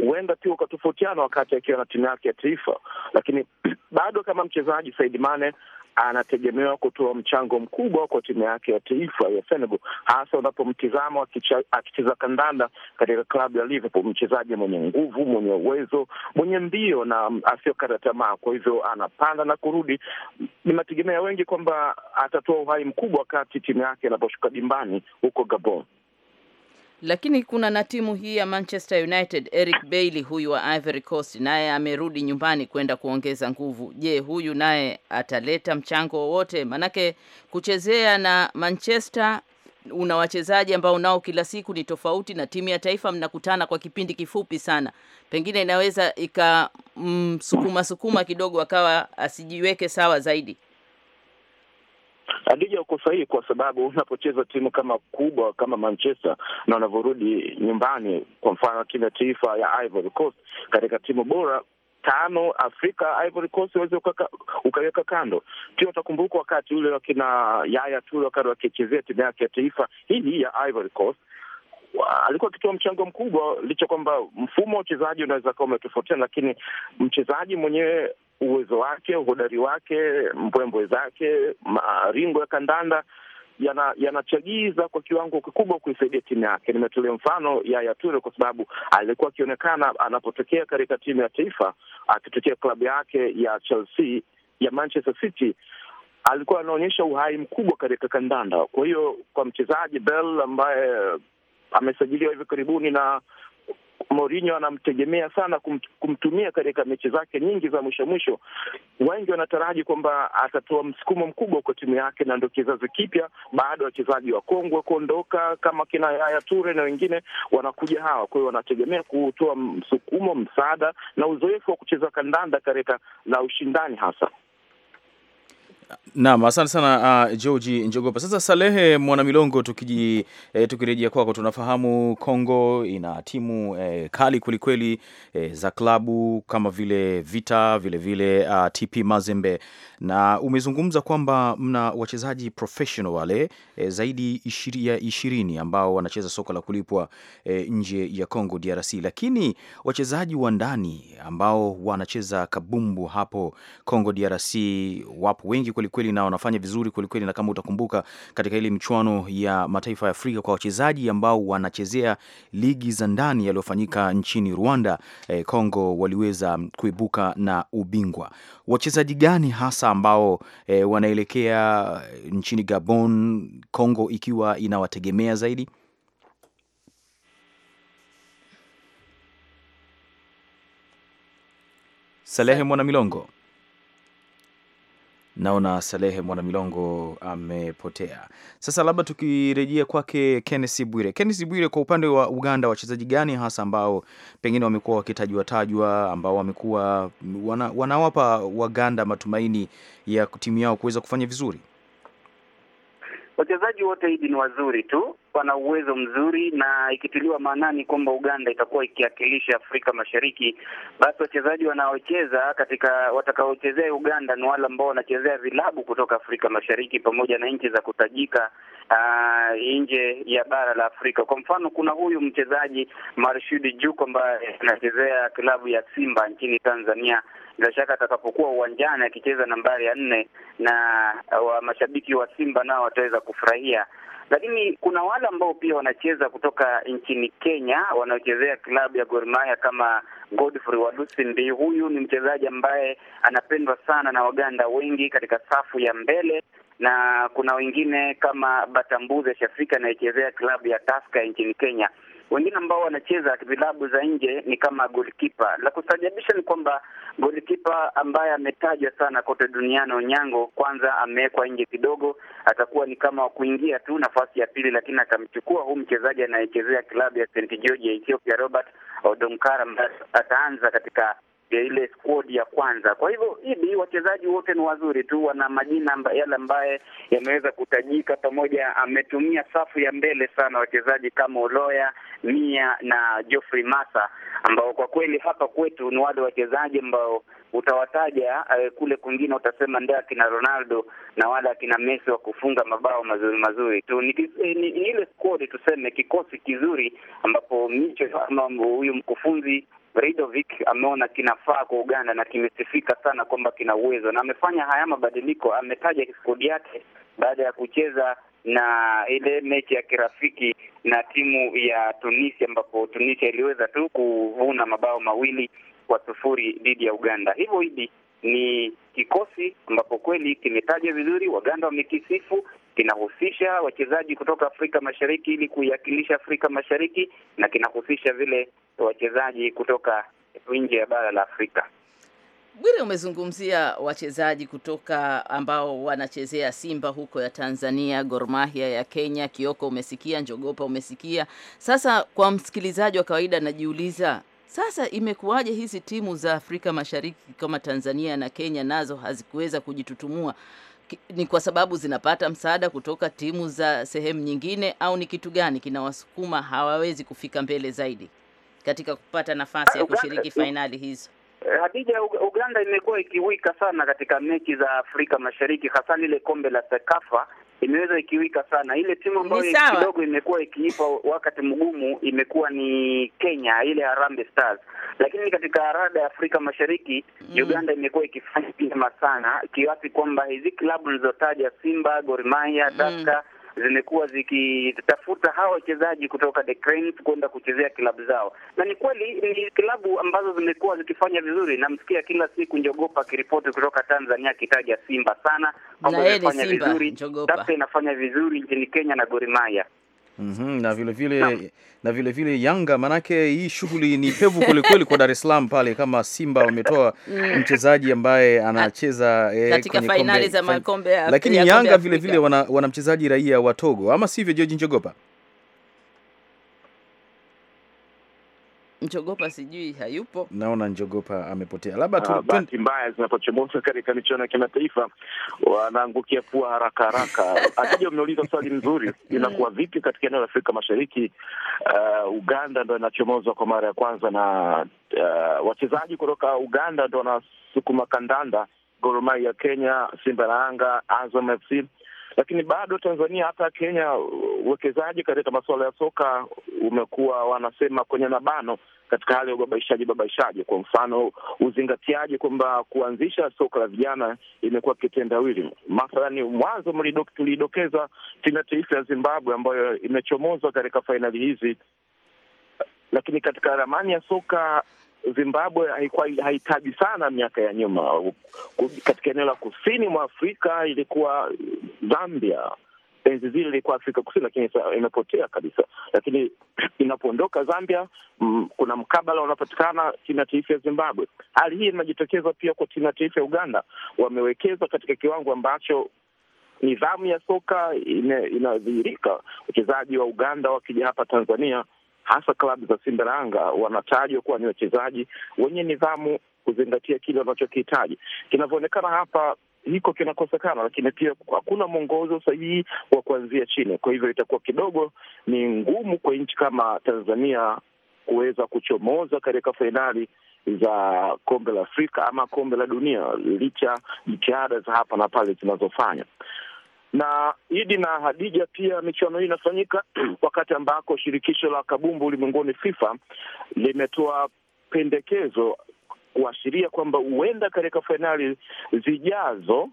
huenda pia ukatofautiana wakati akiwa na timu yake ya taifa, lakini bado kama mchezaji Said Mane anategemewa kutoa mchango mkubwa kwa timu yake ya taifa ya Senegal, hasa unapomtizama akicheza kandanda katika klabu ya Liverpool. Mchezaji mwenye nguvu, mwenye uwezo, mwenye mbio na asiyokata tamaa. Kwa hivyo anapanda na kurudi. Nimetegemea wengi kwamba atatoa uhai mkubwa wakati timu yake inaposhuka dimbani huko Gabon. Lakini kuna na timu hii ya Manchester United, Eric Bailey huyu wa Ivory Coast naye amerudi nyumbani kwenda kuongeza nguvu. Je, huyu naye ataleta mchango wowote? Manake kuchezea na Manchester una wachezaji ambao nao kila siku ni tofauti, na timu ya taifa mnakutana kwa kipindi kifupi sana, pengine inaweza ikamsukuma mm, sukuma kidogo, akawa asijiweke sawa zaidi. Adija, uko sahihi kwa sababu unapocheza timu kama kubwa kama Manchester na unavyorudi nyumbani, kwa mfano timu ya taifa ya Ivory Coast katika timu bora tano Afrika, Ivory Coast ukaweka kando. Pia utakumbuka wakati ule wakina Yaya Toure wakati wakichezea timu yake ya taifa hii hii ya Ivory Coast alikuwa akitoa mchango mkubwa, licha kwamba mfumo wa uchezaji unaweza kuwa umetofautiana, lakini mchezaji mwenyewe uwezo wake, uhodari wake, mbwembwe zake, maringo ya kandanda yanachagiza yana kwa kiwango kikubwa kuisaidia timu yake. Nimetolea mfano ya yature kwa sababu alikuwa akionekana anapotokea katika timu ya taifa, akitokea klabu yake ya Chelsea ya Manchester City alikuwa anaonyesha uhai mkubwa katika kandanda. Kwa hiyo kwa mchezaji Bale ambaye amesajiliwa hivi karibuni na Mourinho anamtegemea sana kumtumia katika mechi zake nyingi za mwisho mwisho. Wengi wanataraji kwamba atatoa msukumo mkubwa kwa timu yake, na ndo kizazi kipya baada ya wachezaji wa kongwe kuondoka kama kina Yaya Toure na wengine wanakuja hawa. Kwa hiyo wanategemea kutoa msukumo, msaada na uzoefu wa kucheza kandanda katika la ushindani hasa. Naam, asante sana uh, George Njogopa. Sasa Salehe Mwanamilongo, tukiji eh, tukirejea kwako, tunafahamu Kongo ina timu eh, kali kwelikweli eh, za klabu kama vile Vita vilevile vile, uh, TP Mazembe na umezungumza kwamba mna wachezaji professional wale e, zaidi ishiri, ya ishirini ambao wanacheza soka la kulipwa e, nje ya Congo DRC, lakini wachezaji wa ndani ambao wanacheza kabumbu hapo Congo DRC wapo wengi kwelikweli na wanafanya vizuri kwelikweli, na kama utakumbuka katika ile michuano ya mataifa ya Afrika kwa wachezaji ambao wanachezea ligi za ndani yaliyofanyika nchini Rwanda, eh, Congo waliweza kuibuka na ubingwa wachezaji gani hasa ambao e, wanaelekea nchini Gabon, congo ikiwa inawategemea zaidi? Salehe Mwana Milongo. Naona Salehe Mwanamilongo amepotea. Sasa labda tukirejea kwake kennesi Bwire. Kenneth Bwire, kwa upande wa Uganda, wachezaji gani hasa ambao pengine wamekuwa wakitajwa tajwa, ambao wamekuwa wana, wanawapa Waganda matumaini ya timu yao kuweza kufanya vizuri? Wachezaji wote hivi ni wazuri tu, wana uwezo mzuri, na ikitiliwa maanani kwamba Uganda itakuwa ikiwakilisha Afrika Mashariki, basi wachezaji wanaocheza katika watakaochezea Uganda ni wale ambao wanachezea vilabu kutoka Afrika Mashariki pamoja na nchi za kutajika uh, nje ya bara la Afrika. Kwa mfano, kuna huyu mchezaji Marshudi Juko ambaye anachezea klabu ya Simba nchini Tanzania. Bila shaka atakapokuwa uwanjani akicheza nambari ya nne, na wa mashabiki wa Simba nao wataweza kufurahia lakini kuna wale ambao pia wanacheza kutoka nchini Kenya wanaochezea klabu ya Gor Mahia kama Godfrey Walusimbi. Huyu ni mchezaji ambaye anapendwa sana na Waganda wengi katika safu ya mbele na kuna wengine kama Batambuze Shafika anayechezea klabu ya Taska nchini Kenya. Wengine ambao wanacheza vilabu za nje ni kama golikipa. La kustajabisha ni kwamba golikipa ambaye ametajwa sana kote duniani Onyango, kwanza amewekwa nje kidogo, atakuwa ni kama kuingia tu nafasi ya pili, lakini atamchukua huu mchezaji anayechezea klabu ya St George ya Ethiopia, Robert odonkar ambaye ataanza katika ya ile squad ya kwanza. Kwa hivyo hivi wachezaji wote ni wazuri tu, wana majina mba, yale ambaye yameweza kutajika, pamoja ametumia safu ya mbele sana wachezaji kama Oloya Mia na Geoffrey Massa ambao kwa kweli hapa kwetu ni wale wachezaji ambao utawataja uh, kule kwingine utasema ndio akina Ronaldo na wala akina Messi wa kufunga mabao mazuri mazuri tu. Ni, eh, ni, ni ile squad tuseme, kikosi kizuri ambapo Micho kama huyu mkufunzi Radovic ameona kinafaa kwa Uganda na kimesifika sana kwamba kina uwezo, na amefanya haya mabadiliko. Ametaja skodi yake baada ya kucheza na ile mechi ya kirafiki na timu ya Tunisia, ambapo Tunisia iliweza tu kuvuna mabao mawili kwa sufuri dhidi ya Uganda. Hivyo hidi ni kikosi ambapo kweli kimetaja vizuri, Waganda wamekisifu kinahusisha wachezaji kutoka Afrika Mashariki ili kuiwakilisha Afrika Mashariki na kinahusisha vile wachezaji kutoka nje ya bara la Afrika. Bwire, umezungumzia wachezaji kutoka ambao wanachezea Simba huko ya Tanzania, Gor Mahia ya Kenya, Kioko umesikia, Njogopa umesikia. Sasa kwa msikilizaji wa kawaida anajiuliza sasa imekuwaje hizi timu za Afrika Mashariki kama Tanzania na Kenya nazo hazikuweza kujitutumua? ni kwa sababu zinapata msaada kutoka timu za sehemu nyingine, au ni kitu gani kinawasukuma hawawezi kufika mbele zaidi katika kupata nafasi ya eh, kushiriki fainali hizo? Eh, Hadija, Uganda imekuwa ikiwika sana katika mechi za Afrika Mashariki, hasa lile kombe la Sekafa imeweza ikiwika sana. Ile timu ambayo kidogo imekuwa ikiipa wakati mgumu imekuwa ni Kenya, ile Harambee Stars, lakini katika rada ya Afrika Mashariki mm. Uganda imekuwa ikifanya vyema sana kiasi kwamba hizi klabu nilizotaja Simba, Gor Mahia, mm. Tusker mm zimekuwa zikitafuta hawa wachezaji kutoka The Cranes kwenda kuchezea klabu zao, na ni kweli ni klabu ambazo zimekuwa zikifanya vizuri. Namsikia kila siku Njogopa akiripoti kutoka Tanzania akitaja Simba sana inafanya vizuri, inafanya vizuri nchini Kenya na Gor Mahia. Mm -hmm, na vile vile no. na vile vile Yanga, manake hii shughuli ni pevu kwelikweli kwa Dar es Salaam pale, kama Simba wametoa mm. mchezaji ambaye anacheza eh, katika fainali za makombe, lakini Yanga vile vile wana, wana mchezaji raia wa Togo, ama sivyo, George Njogopa? Njogopa sijui hayupo, naona Njogopa amepotea, labda tu... Ah, bahati mbaya zinapochomoza katika michuano ya kimataifa wanaangukia pua haraka haraka. Akija umeuliza swali mzuri, inakuwa mm. vipi katika eneo la Afrika Mashariki? Uh, Uganda ndo inachomozwa kwa mara ya kwanza na uh, wachezaji kutoka Uganda ndo wanasukuma kandanda Gor Mahia ya Kenya, Simba na Yanga, Azam FC lakini bado Tanzania hata Kenya, uwekezaji katika masuala ya soka umekuwa wanasema kwenye mabano, katika hali ya ubabaishaji babaishaji. Kwa mfano, uzingatiaji kwamba kuanzisha soka la vijana imekuwa kitendawili. Mathalani, mwanzo tulidokeza timu ya taifa ya Zimbabwe ambayo imechomozwa katika fainali hizi, lakini katika ramani ya soka Zimbabwe haikuwa hahitaji sana miaka ya nyuma. Katika eneo la kusini mwa Afrika ilikuwa Zambia, enzi zile ilikuwa Afrika Kusini, lakini imepotea kabisa. Lakini inapoondoka Zambia, m, mm, kuna mkabala unapatikana timu ya taifa ya Zimbabwe. Hali hii inajitokeza pia kwa timu ya taifa ya Uganda, wamewekeza katika kiwango ambacho nidhamu ya soka inadhihirika. Wachezaji wa Uganda wakija hapa Tanzania hasa klabu za Simba na Yanga wanatajwa kuwa ni wachezaji wenye nidhamu, kuzingatia kile wanachokihitaji. Kinavyoonekana hapa hiko kinakosekana, lakini pia hakuna mwongozo sahihi wa kuanzia chini. Kwa hivyo itakuwa kidogo ni ngumu kwa nchi kama Tanzania kuweza kuchomoza katika fainali za kombe la Afrika ama kombe la dunia licha jitihada za hapa na pale zinazofanya na Idi na Hadija. Pia michuano hii inafanyika wakati ambako shirikisho la kabumbu ulimwenguni FIFA limetoa pendekezo kuashiria kwamba huenda katika fainali zijazo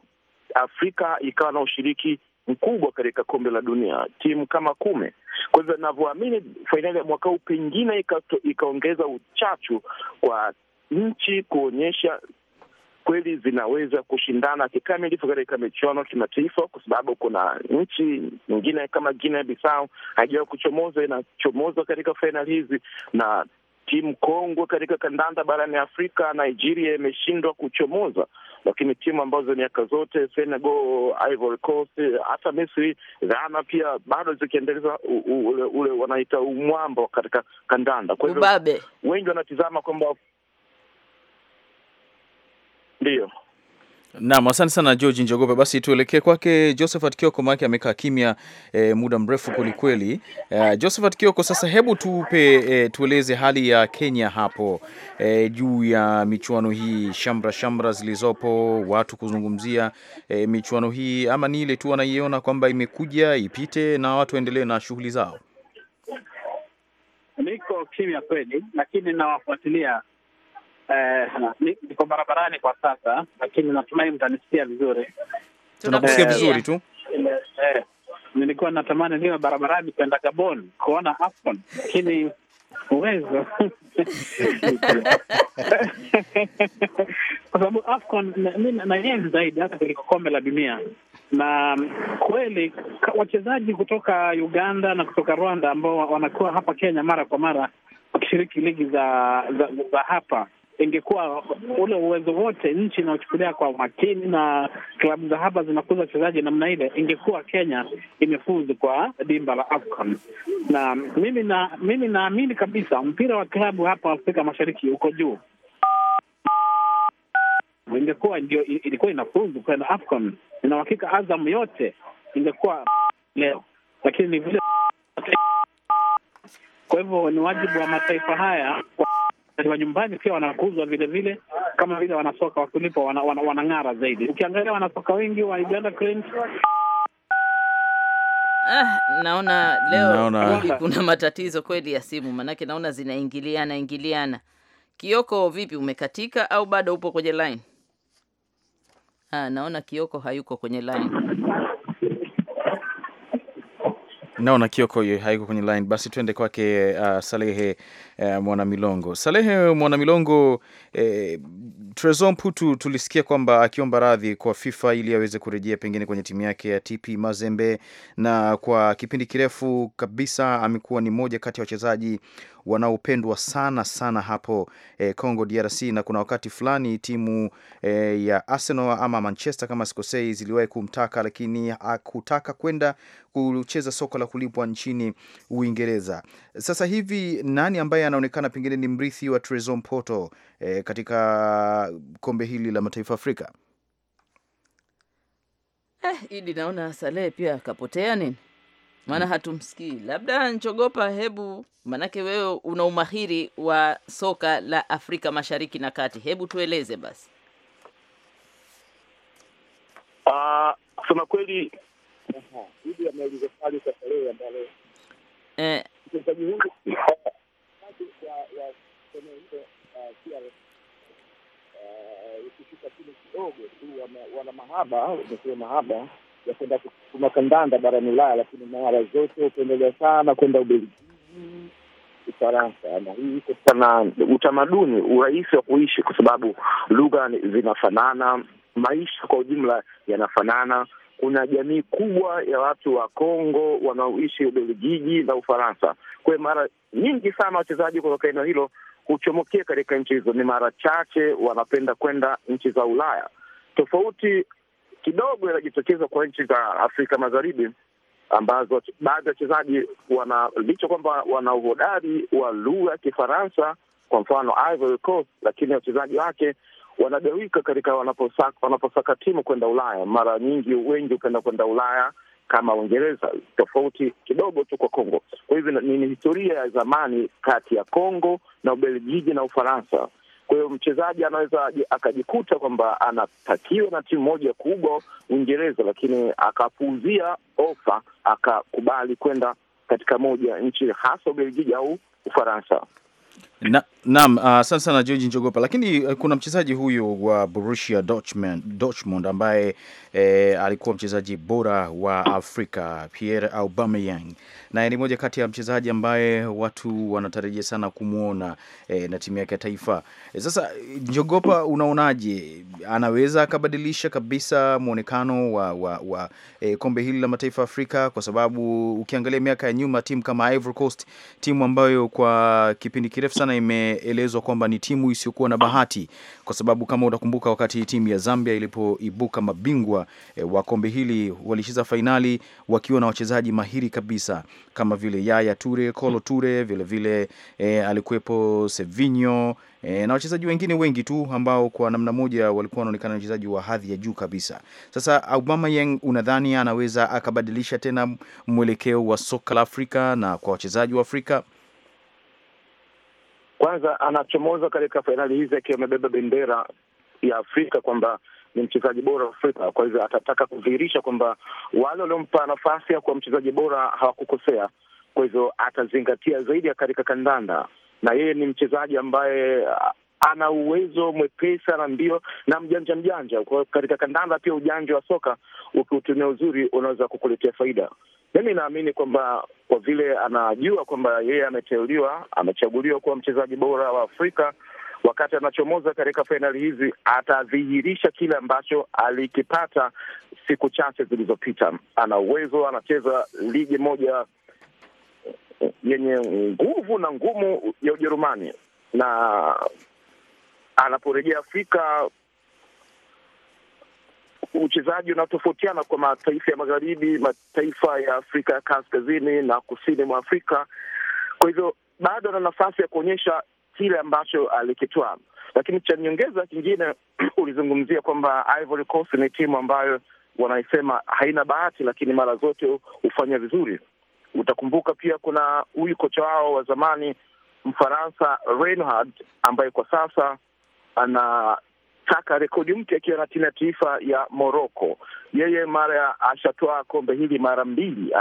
Afrika ikawa na ushiriki mkubwa katika kombe la dunia, timu kama kumi. Kwa hivyo navyoamini, fainali ya mwaka huu pengine ikaongeza uchachu kwa nchi kuonyesha kweli zinaweza kushindana kikamilifu katika michuano kimataifa, kwa sababu kuna nchi nyingine kama Guinea Bissau haijawa kuchomoza, inachomoza katika fainali hizi na timu kongwe katika kandanda barani Afrika, Nigeria imeshindwa kuchomoza, lakini timu ambazo miaka zote Senegal, Ivory Coast, hata Misri, Ghana pia bado zikiendeleza ule, ule wanaita umwamba katika kandanda. Kwa hivyo wengi wanatizama kwamba ndio. Naam, asante sana George Njogope. Basi tuelekee kwake Josephat Kioko, maanake amekaa kimya e, muda mrefu kwelikweli. E, eh, Josephat Kioko, sasa hebu tupe e, tueleze hali ya Kenya hapo e, juu ya michuano hii, shamra shamra zilizopo, watu kuzungumzia e, michuano hii, ama ni ile tu wanaiona kwamba imekuja ipite na watu waendelee na shughuli zao? Niko kimya kweli, lakini nawafuatilia Eh, niko barabarani kwa sasa, lakini natumai mtanisikia vizuri. Tunakusikia eh, vizuri tu. Eh, nilikuwa natamani niwe barabarani kwenda Gabon kuona AFCON lakini uwezo kwa sababu AFCON mi zaidi hata kuliko kombe la dunia, na kweli wachezaji kutoka Uganda na kutoka Rwanda ambao wanakuwa hapa Kenya mara kwa mara wakishiriki ligi za, za, za hapa ingekuwa ule uwezo wote nchi inaochukulia kwa umakini na klabu za hapa zinakuza wachezaji namna ile, ingekuwa Kenya imefuzu kwa dimba la AFCON. Na mimi na mimi naamini kabisa mpira wa klabu hapa Afrika Mashariki uko juu, ingekuwa ndio ilikuwa inafuzu kwenda AFCON. Nina uhakika Azam yote ingekuwa leo, lakini ni vile. Kwa hivyo ni wajibu wa mataifa haya kwa wa nyumbani pia wanakuzwa vile vile kama vile wanasoka wakulipo wanang'ara wana, wana zaidi. Ukiangalia wanasoka wengi wa Uganda Cranes Ah, naona leo naona kuna matatizo kweli ya simu, manake naona zinaingiliana ingiliana. Kioko, vipi, umekatika au bado upo kwenye line? Ah, naona Kioko hayuko kwenye line. naona Kioko haiko kwenye line, basi tuende kwake uh, Salehe uh, Mwanamilongo. Salehe Mwanamilongo, eh, Trezor Mputu tulisikia kwamba akiomba radhi kwa FIFA ili aweze kurejea pengine kwenye timu yake ya TP Mazembe, na kwa kipindi kirefu kabisa amekuwa ni moja kati ya wachezaji wanaopendwa sana sana hapo eh, Congo DRC, na kuna wakati fulani timu eh, ya Arsenal ama Manchester kama sikosei, ziliwahi kumtaka lakini hakutaka kwenda kucheza soka la kulipwa nchini Uingereza. Sasa hivi nani ambaye anaonekana pengine ni mrithi wa Tresor Mpoto eh, katika kombe hili la mataifa Afrika? Eh, Idi naona Salehe pia akapotea nini? maana hatumsikii. Labda Nchogopa, hebu maanake wewe una umahiri wa soka la Afrika Mashariki na Kati, hebu tueleze basi. Uh, kusema kweli ameuliza swali sasa leo ambalo mchezaji huyu ah, ah, kidogo tu wana mahaba, umesema mahaba ya kwenda kusukuma kandanda barani Ulaya, lakini mara zote hupendelea sana kwenda Ubelgiji, Ufaransa, na hii kutokana na utamaduni, urahisi wa kuishi, kwa sababu lugha zinafanana, maisha kwa ujumla yanafanana. Kuna jamii kubwa ya watu wa Kongo wanaoishi Ubelgiji na Ufaransa. Kwa hiyo mara nyingi sana wachezaji kutoka eneo hilo huchomokea katika nchi hizo. Ni mara chache wanapenda kwenda nchi za Ulaya. Tofauti kidogo inajitokeza kwa nchi za Afrika Magharibi ambazo baadhi ya wachezaji wana licha kwamba wana uhodari wa lugha ya Kifaransa, kwa mfano Ivory Coast, lakini wachezaji wake wanagawika katika wanaposaka, wanaposaka timu kwenda Ulaya. Mara nyingi wengi hupenda kwenda Ulaya kama Uingereza, tofauti kidogo tu kwa Kongo. Kwa hivyo ni historia ya zamani kati ya Kongo na Ubelgiji na Ufaransa kwa hiyo mchezaji anaweza akajikuta kwamba anatakiwa na timu moja kubwa Uingereza, lakini akapuuzia ofa, akakubali kwenda katika moja nchi hasa Ubelgiji au Ufaransa. Naam na, uh, asante sana George Njogopa, lakini uh, kuna mchezaji huyu wa Borussia Dortmund, Dortmund ambaye eh, alikuwa mchezaji bora wa Afrika Pierre Aubameyang, naye ni moja kati ya mchezaji ambaye watu wanatarajia sana kumwona eh, na timu yake ya taifa. Eh, sasa Njogopa, unaonaje, anaweza akabadilisha kabisa mwonekano wa, wa, wa eh, kombe hili la mataifa Afrika? Kwa sababu ukiangalia miaka ya nyuma timu kama Ivory Coast, timu ambayo kwa kipindi kirefu sana sana imeelezwa kwamba ni timu isiyokuwa na bahati, kwa sababu kama utakumbuka wakati timu ya Zambia ilipoibuka mabingwa e, wa kombe hili walicheza fainali wakiwa na wachezaji mahiri kabisa kama vile Yaya Ture, Kolo Ture, vilevile e, eh, alikuwepo Sevinho e, na wachezaji wengine wengi tu ambao kwa namna moja walikuwa wanaonekana wachezaji wa hadhi ya juu kabisa. Sasa Aubameyang, unadhani anaweza akabadilisha tena mwelekeo wa soka la Afrika na kwa wachezaji wa Afrika? Kwanza anachomoza katika fainali hizi akiwa amebeba bendera ya Afrika kwamba ni mchezaji bora wa Afrika. Kwa hivyo atataka kudhihirisha kwamba wale waliompa nafasi ya kuwa mchezaji bora hawakukosea. Kwa hivyo atazingatia zaidi katika kandanda, na yeye ni mchezaji ambaye ana uwezo mwepesi, ana mbio na mjanja mjanja. Kwa katika kandanda pia ujanja wa soka ukiutumia uzuri unaweza kukuletea faida. Mimi naamini kwamba kwa vile anajua kwamba yeye ameteuliwa, amechaguliwa kuwa mchezaji bora wa Afrika, wakati anachomoza katika fainali hizi atadhihirisha kile ambacho alikipata siku chache zilizopita. Ana uwezo, anacheza ligi moja yenye nguvu na ngumu ya Ujerumani na anaporejea Afrika uchezaji unatofautiana kwa mataifa ya magharibi, mataifa ya Afrika ya kaskazini na kusini mwa Afrika. Kwa hivyo bado ana nafasi ya kuonyesha kile ambacho alikitoa. Lakini cha nyongeza kingine, ulizungumzia kwamba Ivory Coast ni timu ambayo wanaisema haina bahati, lakini mara zote hufanya vizuri. Utakumbuka pia kuna huyu kocha wao wa zamani Mfaransa Reinhard ambaye kwa sasa anataka rekodi mpya akiwa na timu ya taifa ya Moroko. Yeye mara ashatoa kombe hili mara mbili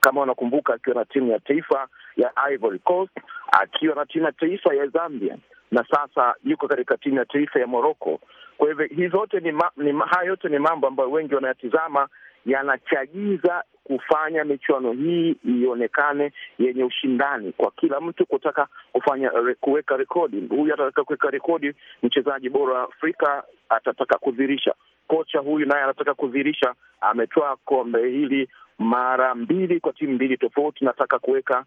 kama wanakumbuka, akiwa na timu ya taifa ya Ivory Coast, akiwa na timu ya taifa ya Zambia na sasa yuko katika timu ya taifa ya Moroko. Kwa hivyo hii zote ni, ma, ni haya yote ni mambo ambayo wengi wanayatizama yanachagiza kufanya michuano hii ionekane yenye ushindani kwa kila mtu kutaka kufanya kuweka rekodi. Huyu atataka kuweka rekodi, mchezaji bora Afrika atataka kudhirisha, kocha huyu naye anataka kudhirisha, ametoa kombe hili mara mbili kwa timu mbili tofauti, nataka kuweka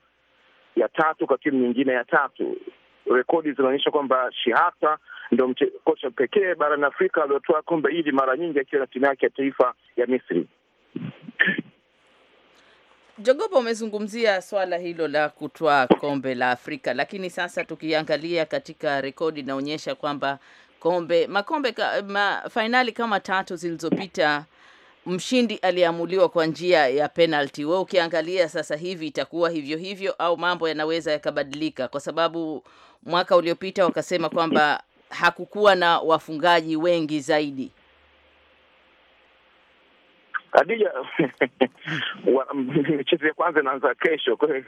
ya tatu kwa timu nyingine ya tatu. Rekodi zinaonyesha kwamba Shihata ndo kocha pekee barani Afrika aliotoa kombe hili mara nyingi akiwa na timu yake ya taifa ya Misri. Jogopa, umezungumzia swala hilo la kutwa kombe la Afrika, lakini sasa tukiangalia katika rekodi inaonyesha kwamba kombe makombe ka, ma, fainali kama tatu zilizopita mshindi aliamuliwa kwa njia ya penalty. Wewe ukiangalia sasa hivi itakuwa hivyo hivyo au mambo yanaweza yakabadilika? Kwa sababu mwaka uliopita wakasema kwamba hakukuwa na wafungaji wengi zaidi adija michezo ya kwanza inaanza kesho, kwa hiyo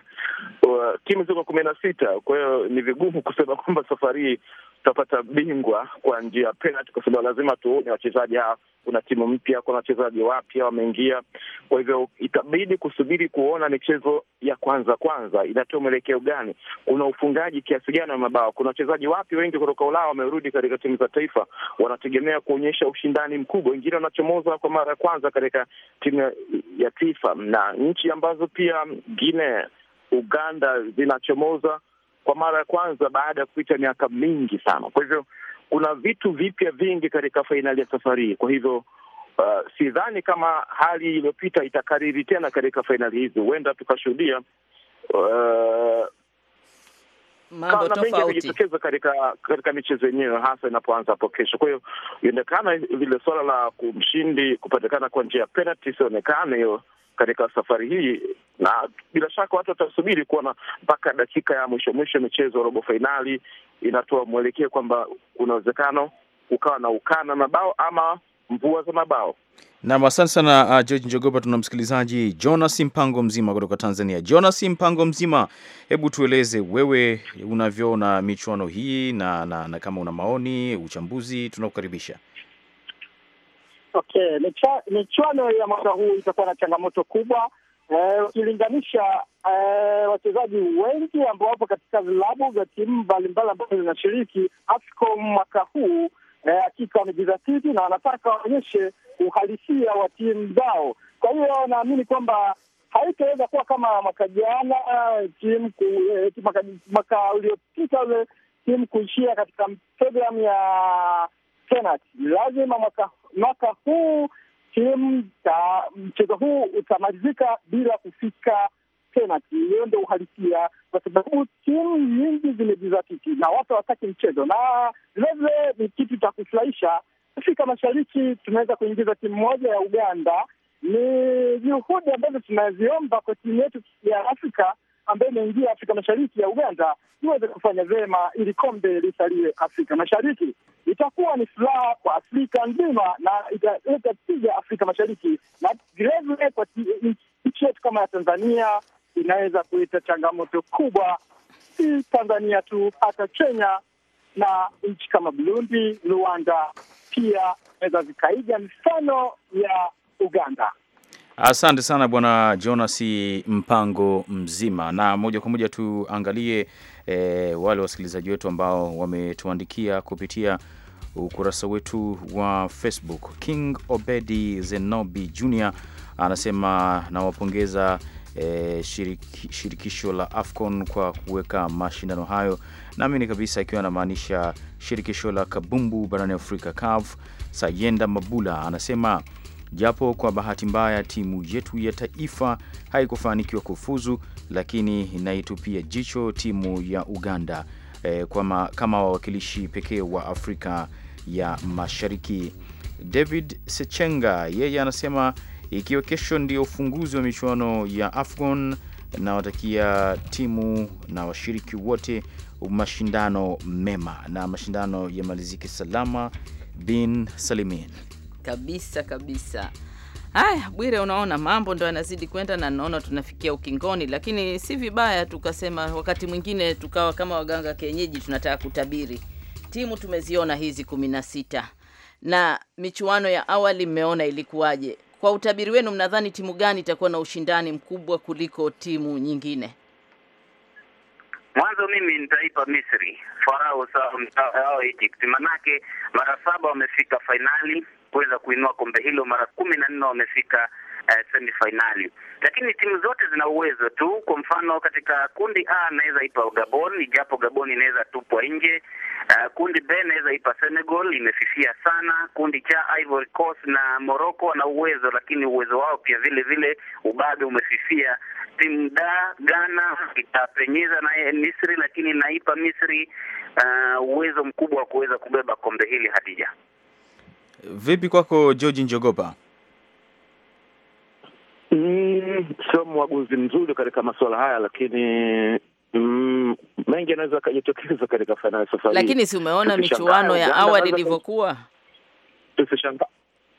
timu ziko kumi na sita. Kwa hiyo ni vigumu kusema kwamba safari hii tutapata bingwa kwa njia ya penalti, kwa sababu lazima tuone wachezaji hawa. Kuna timu mpya, kuna wachezaji wapya wameingia, kwa hivyo itabidi kusubiri kuona michezo ya kwanza kwanza inatoa mwelekeo gani, kuna ufungaji kiasi gani wa mabao, kuna wachezaji wapi wengi kutoka Ulaya wamerudi katika timu za taifa, wanategemea kuonyesha ushindani mkubwa, wengine wanachomoza kwa mara ya kwanza katika timu ya taifa, na nchi ambazo pia Guinea, Uganda zinachomoza kwa mara ya kwanza baada ya kupita miaka mingi sana. Kwa hivyo kuna vitu vipya vingi katika fainali ya safari hii. Kwa hivyo uh, sidhani kama hali iliyopita itakariri tena katika fainali hizi. Huenda tukashuhudia uh, mambo tofauti yamejitokeza katika katika michezo yenyewe, hasa inapoanza hapo kesho. Kwa hiyo ionekana vile swala la kumshindi kupatikana kwa njia ya penalti sionekane hiyo katika safari hii, na bila shaka watu watasubiri kuona mpaka dakika ya mwisho mwisho michezo ya robo fainali inatoa mwelekeo kwamba kuna uwezekano ukawa na ukana mabao ama mvua za mabao. Nam, asante sana uh, George Njogopa. Tuna msikilizaji Jonas Mpango Mzima kutoka Tanzania. Jonas Mpango Mzima, hebu tueleze wewe unavyoona michuano hii na, na, na kama una maoni, uchambuzi, tunakukaribisha. Okay. Michuano ya mwaka huu itakuwa na changamoto kubwa eh, ukilinganisha eh, wachezaji wengi ambao wapo katika vilabu vya timu mbalimbali ambazo zinashiriki AFCON mwaka huu eh, hakika e, wamejizatiti na wanataka waonyeshe uhalisia wa timu zao. Kwa hiyo naamini kwamba haitaweza kuwa kama mwaka jana eh, timu mwaka uliopita ule timu kuishia katika program ya penalty. Lazima mwaka, mwaka huu timu ta mchezo huu utamalizika bila kufika penalty. Hiyo ndio uhalisia, kwa sababu timu nyingi zimejizatiti na watu hawataki mchezo, na vilevile ni kitu cha kufurahisha. Afrika Mashariki tunaweza kuingiza timu moja ya Uganda. Ni juhudi ambazo tunaziomba kwa timu yetu ya Afrika ambayo imeingia Afrika Mashariki ya Uganda iweze kufanya vyema ili kombe lisaliwe Afrika Mashariki. Itakuwa ni furaha kwa Afrika nzima na italeta tija Afrika Mashariki na vilevile kwa nchi yetu kama ya Tanzania inaweza kuleta changamoto kubwa, si Tanzania tu, hata Kenya na nchi kama Burundi, Rwanda pia inaweza zikaiga mifano ya Uganda. Asante sana bwana Jonas Mpango mzima, na moja kwa moja tuangalie e, wale wasikilizaji wetu ambao wametuandikia kupitia ukurasa wetu wa Facebook. King Obedi Zenobi Jr anasema nawapongeza e, shiriki, shirikisho la AFCON kwa kuweka mashindano hayo, naamini kabisa ikiwa anamaanisha shirikisho la kabumbu barani Afrika CAF. Sayenda Mabula anasema japo kwa bahati mbaya timu yetu ya taifa haikufanikiwa kufuzu, lakini inaitupia jicho timu ya Uganda eh, kwa ma, kama wawakilishi pekee wa Afrika ya Mashariki. David Sechenga yeye anasema ikiwa kesho ndio ufunguzi wa michuano ya AFCON, nawatakia timu na washiriki wote mashindano mema na mashindano yamalizike salama bin salimin kabisa kabisa. Haya Bwire, unaona mambo ndo yanazidi kwenda na naona tunafikia ukingoni, lakini si vibaya tukasema wakati mwingine tukawa kama waganga kienyeji, tunataka kutabiri. Timu tumeziona hizi kumi na sita na michuano ya awali mmeona ilikuwaje. Kwa utabiri wenu, mnadhani timu gani itakuwa na ushindani mkubwa kuliko timu nyingine? Mwanzo mimi nitaipa Misri Farao Egypt, manake mara saba wamefika fainali kuweza kuinua kombe hilo. Mara kumi na nne wamefika uh, semifinali, lakini timu zote zina uwezo tu. Kwa mfano katika kundi A anaweza ipa Gabon, ijapo Gabon inaweza tupwa nje. Uh, kundi B inaweza ipa Senegal, imefifia sana. Kundi cha Ivory Coast na Morocco wana uwezo, lakini uwezo wao pia vile vile ubabe umefifia. Timu da Ghana itapenyeza naye Misri, lakini naipa Misri uh, uwezo mkubwa wa kuweza kubeba kombe hili Hadija. Vipi kwako George Njogopa? Mm, sio mwaguzi mzuri katika masuala haya, lakini mm, mengi yanaweza akajitokeza katika fainali safari, lakini si umeona michuano ya awali ilivyokuwa, tusishangaa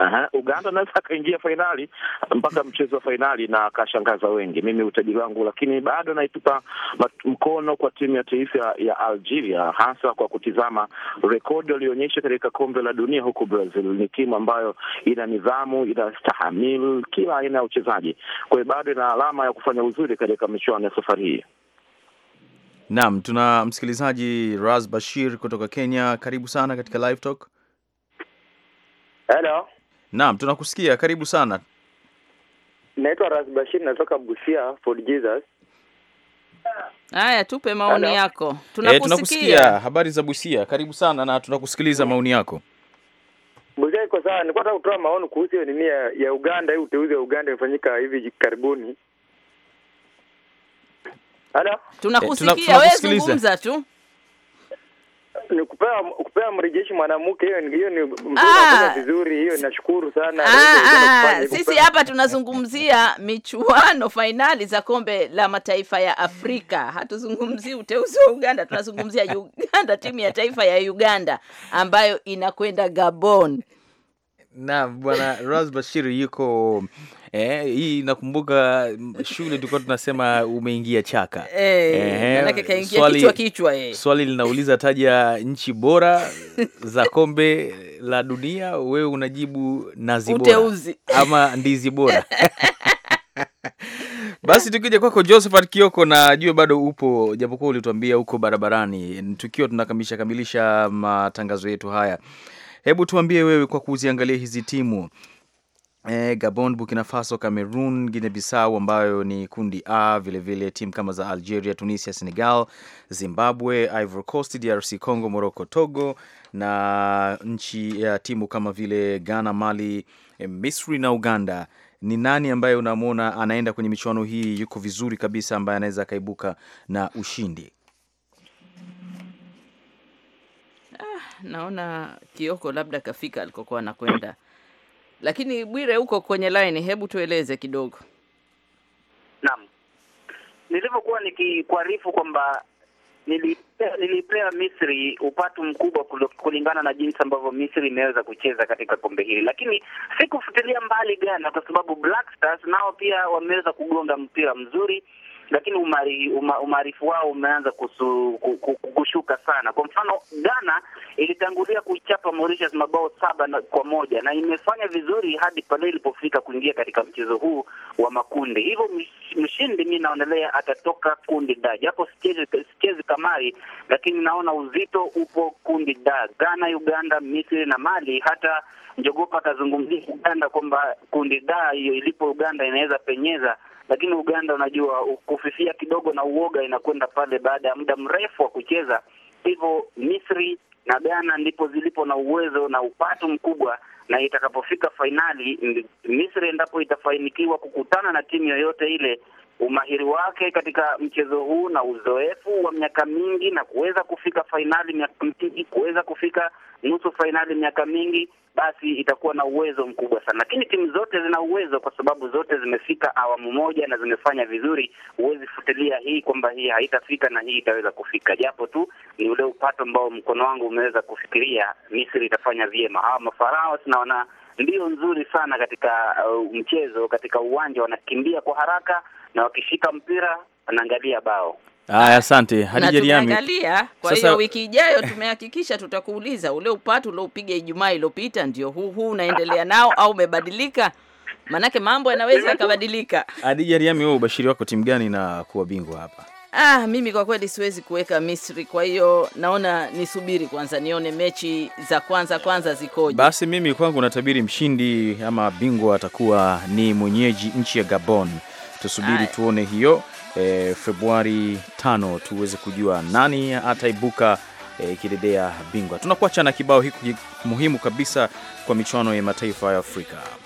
Aha, Uganda anaweza akaingia fainali mpaka mchezo wa fainali na akashangaza wengi. Mimi utajiri wangu, lakini bado naitupa mkono kwa timu ya taifa ya Algeria, hasa kwa kutizama rekodi walionyesha katika kombe la dunia huko Brazil. Ni timu ambayo ina nidhamu, inastahamili kila aina ya uchezaji, kwa hiyo bado ina alama ya kufanya uzuri katika michuano ya safari hii. Naam, tuna msikilizaji Raz Bashir kutoka Kenya. Karibu sana katika Live Talk. Hello. Naam, tunakusikia, karibu sana. Naitwa Ras Bashir, natoka Busia Fort Jesus. Haya, tupe maoni Hello. yako eh, tunakusikia. E, tunakusikia. Habari za Busia, karibu sana na tunakusikiliza maoni yako. Busia iko sawa. Nilikuwa nataka kutoa maoni kuhusu hiyo nini ya Uganda, hii uteuzi wa Uganda imefanyika hivi karibuni. Halo, tunakusikia, eh, wewe zungumza tu ni kupewa kupea mrejeshi mwanamke, hiyo hiyo ni ah. vizuri, hiyo nashukuru sana. Ah, ah, sisi hapa tunazungumzia michuano fainali za kombe la mataifa ya Afrika, hatuzungumzii uteuzi wa Uganda, tunazungumzia Uganda, timu ya taifa ya Uganda ambayo inakwenda Gabon. na Bwana Ros Bashiri yuko eh, hii nakumbuka mm, shule tulikuwa tunasema umeingia chaka eh, eh, manake kaingia kichwa kichwa eh. Swali linauliza taja nchi bora za kombe la dunia, wewe unajibu nazi bora ama ndizi bora Basi tukija kwako Josephat Kioko, najua bado upo japokuwa ulituambia uko barabarani. Tukiwa tunakamilisha kamilisha matangazo yetu haya, hebu tuambie wewe, kwa kuziangalia hizi timu E, Gabon, Burkina Faso, Cameroon, Guinea Bissau ambayo ni kundi A, vilevile timu kama za Algeria, Tunisia, Senegal, Zimbabwe, Ivory Coast, DRC Congo, Morocco, Togo na nchi ya timu kama vile Ghana, Mali, eh, Misri na Uganda. Ni nani ambaye unamwona anaenda kwenye michuano hii yuko vizuri kabisa, ambaye anaweza akaibuka na ushindi? Ah, naona Kioko labda kafika alikokuwa anakwenda lakini Bwire, huko kwenye line, hebu tueleze kidogo. Naam, nilivyokuwa nikikuarifu kwamba nilipea nilipea Misri upatu mkubwa kulingana na jinsi ambavyo Misri imeweza kucheza katika kombe hili, lakini sikufutilia mbali Ghana kwa sababu Black Stars nao pia wameweza kugonga mpira mzuri lakini umari, uma, umaarifu wao umeanza kushuka sana. Kwa mfano Ghana ilitangulia kuichapa Mauritius mabao saba na, kwa moja na imefanya vizuri hadi pale ilipofika kuingia katika mchezo huu wa makundi. Hivyo mshindi mi naonelea atatoka kundi da, japo sichezi kamari, lakini naona uzito upo kundi da, Ghana, Uganda, Misri na Mali. Hata Njogopa akazungumzia Uganda kwamba kundi da hiyo ilipo Uganda inaweza penyeza lakini Uganda unajua kufifia kidogo na uoga inakwenda pale baada ya muda mrefu wa kucheza. Hivyo Misri na Ghana ndipo zilipo na uwezo na upatu mkubwa, na itakapofika fainali Misri endapo itafanikiwa kukutana na timu yoyote ile umahiri wake katika mchezo huu na uzoefu wa miaka mingi na kuweza kufika fainali miaka mingi, kuweza kufika nusu fainali miaka mingi, basi itakuwa na uwezo mkubwa sana. Lakini timu zote zina uwezo, kwa sababu zote zimefika awamu moja na zimefanya vizuri. Huwezi futilia hii kwamba hii haitafika na hii itaweza kufika, japo tu ni ule upato ambao mkono wangu umeweza kufikiria Misri itafanya vyema. Hawa mafarao tunaona ndio nzuri sana katika uh, mchezo katika uwanja, wanakimbia kwa haraka na wakishika mpira anaangalia bao. Haya, asante Hadija Riami. Kwa hiyo wiki ijayo tumehakikisha tutakuuliza ule upatu ulioupiga Ijumaa iliyopita ndio huu huu unaendelea nao au umebadilika? Manake mambo yanaweza yakabadilika. Hadija Riami, wewe ubashiri wako timu gani na kuwa bingwa hapa? Ah, mimi kwa kweli siwezi kuweka Misri, kwa hiyo naona nisubiri kwanza nione mechi za kwanza kwanza zikoje. Basi mimi kwangu natabiri mshindi ama bingwa atakuwa ni mwenyeji nchi ya Gabon tusubiri tuone hiyo e, Februari tano tuweze kujua nani ataibuka e, eh, kidedea bingwa. Tunakuacha na kibao hiki muhimu kabisa kwa michuano ya mataifa ya Afrika.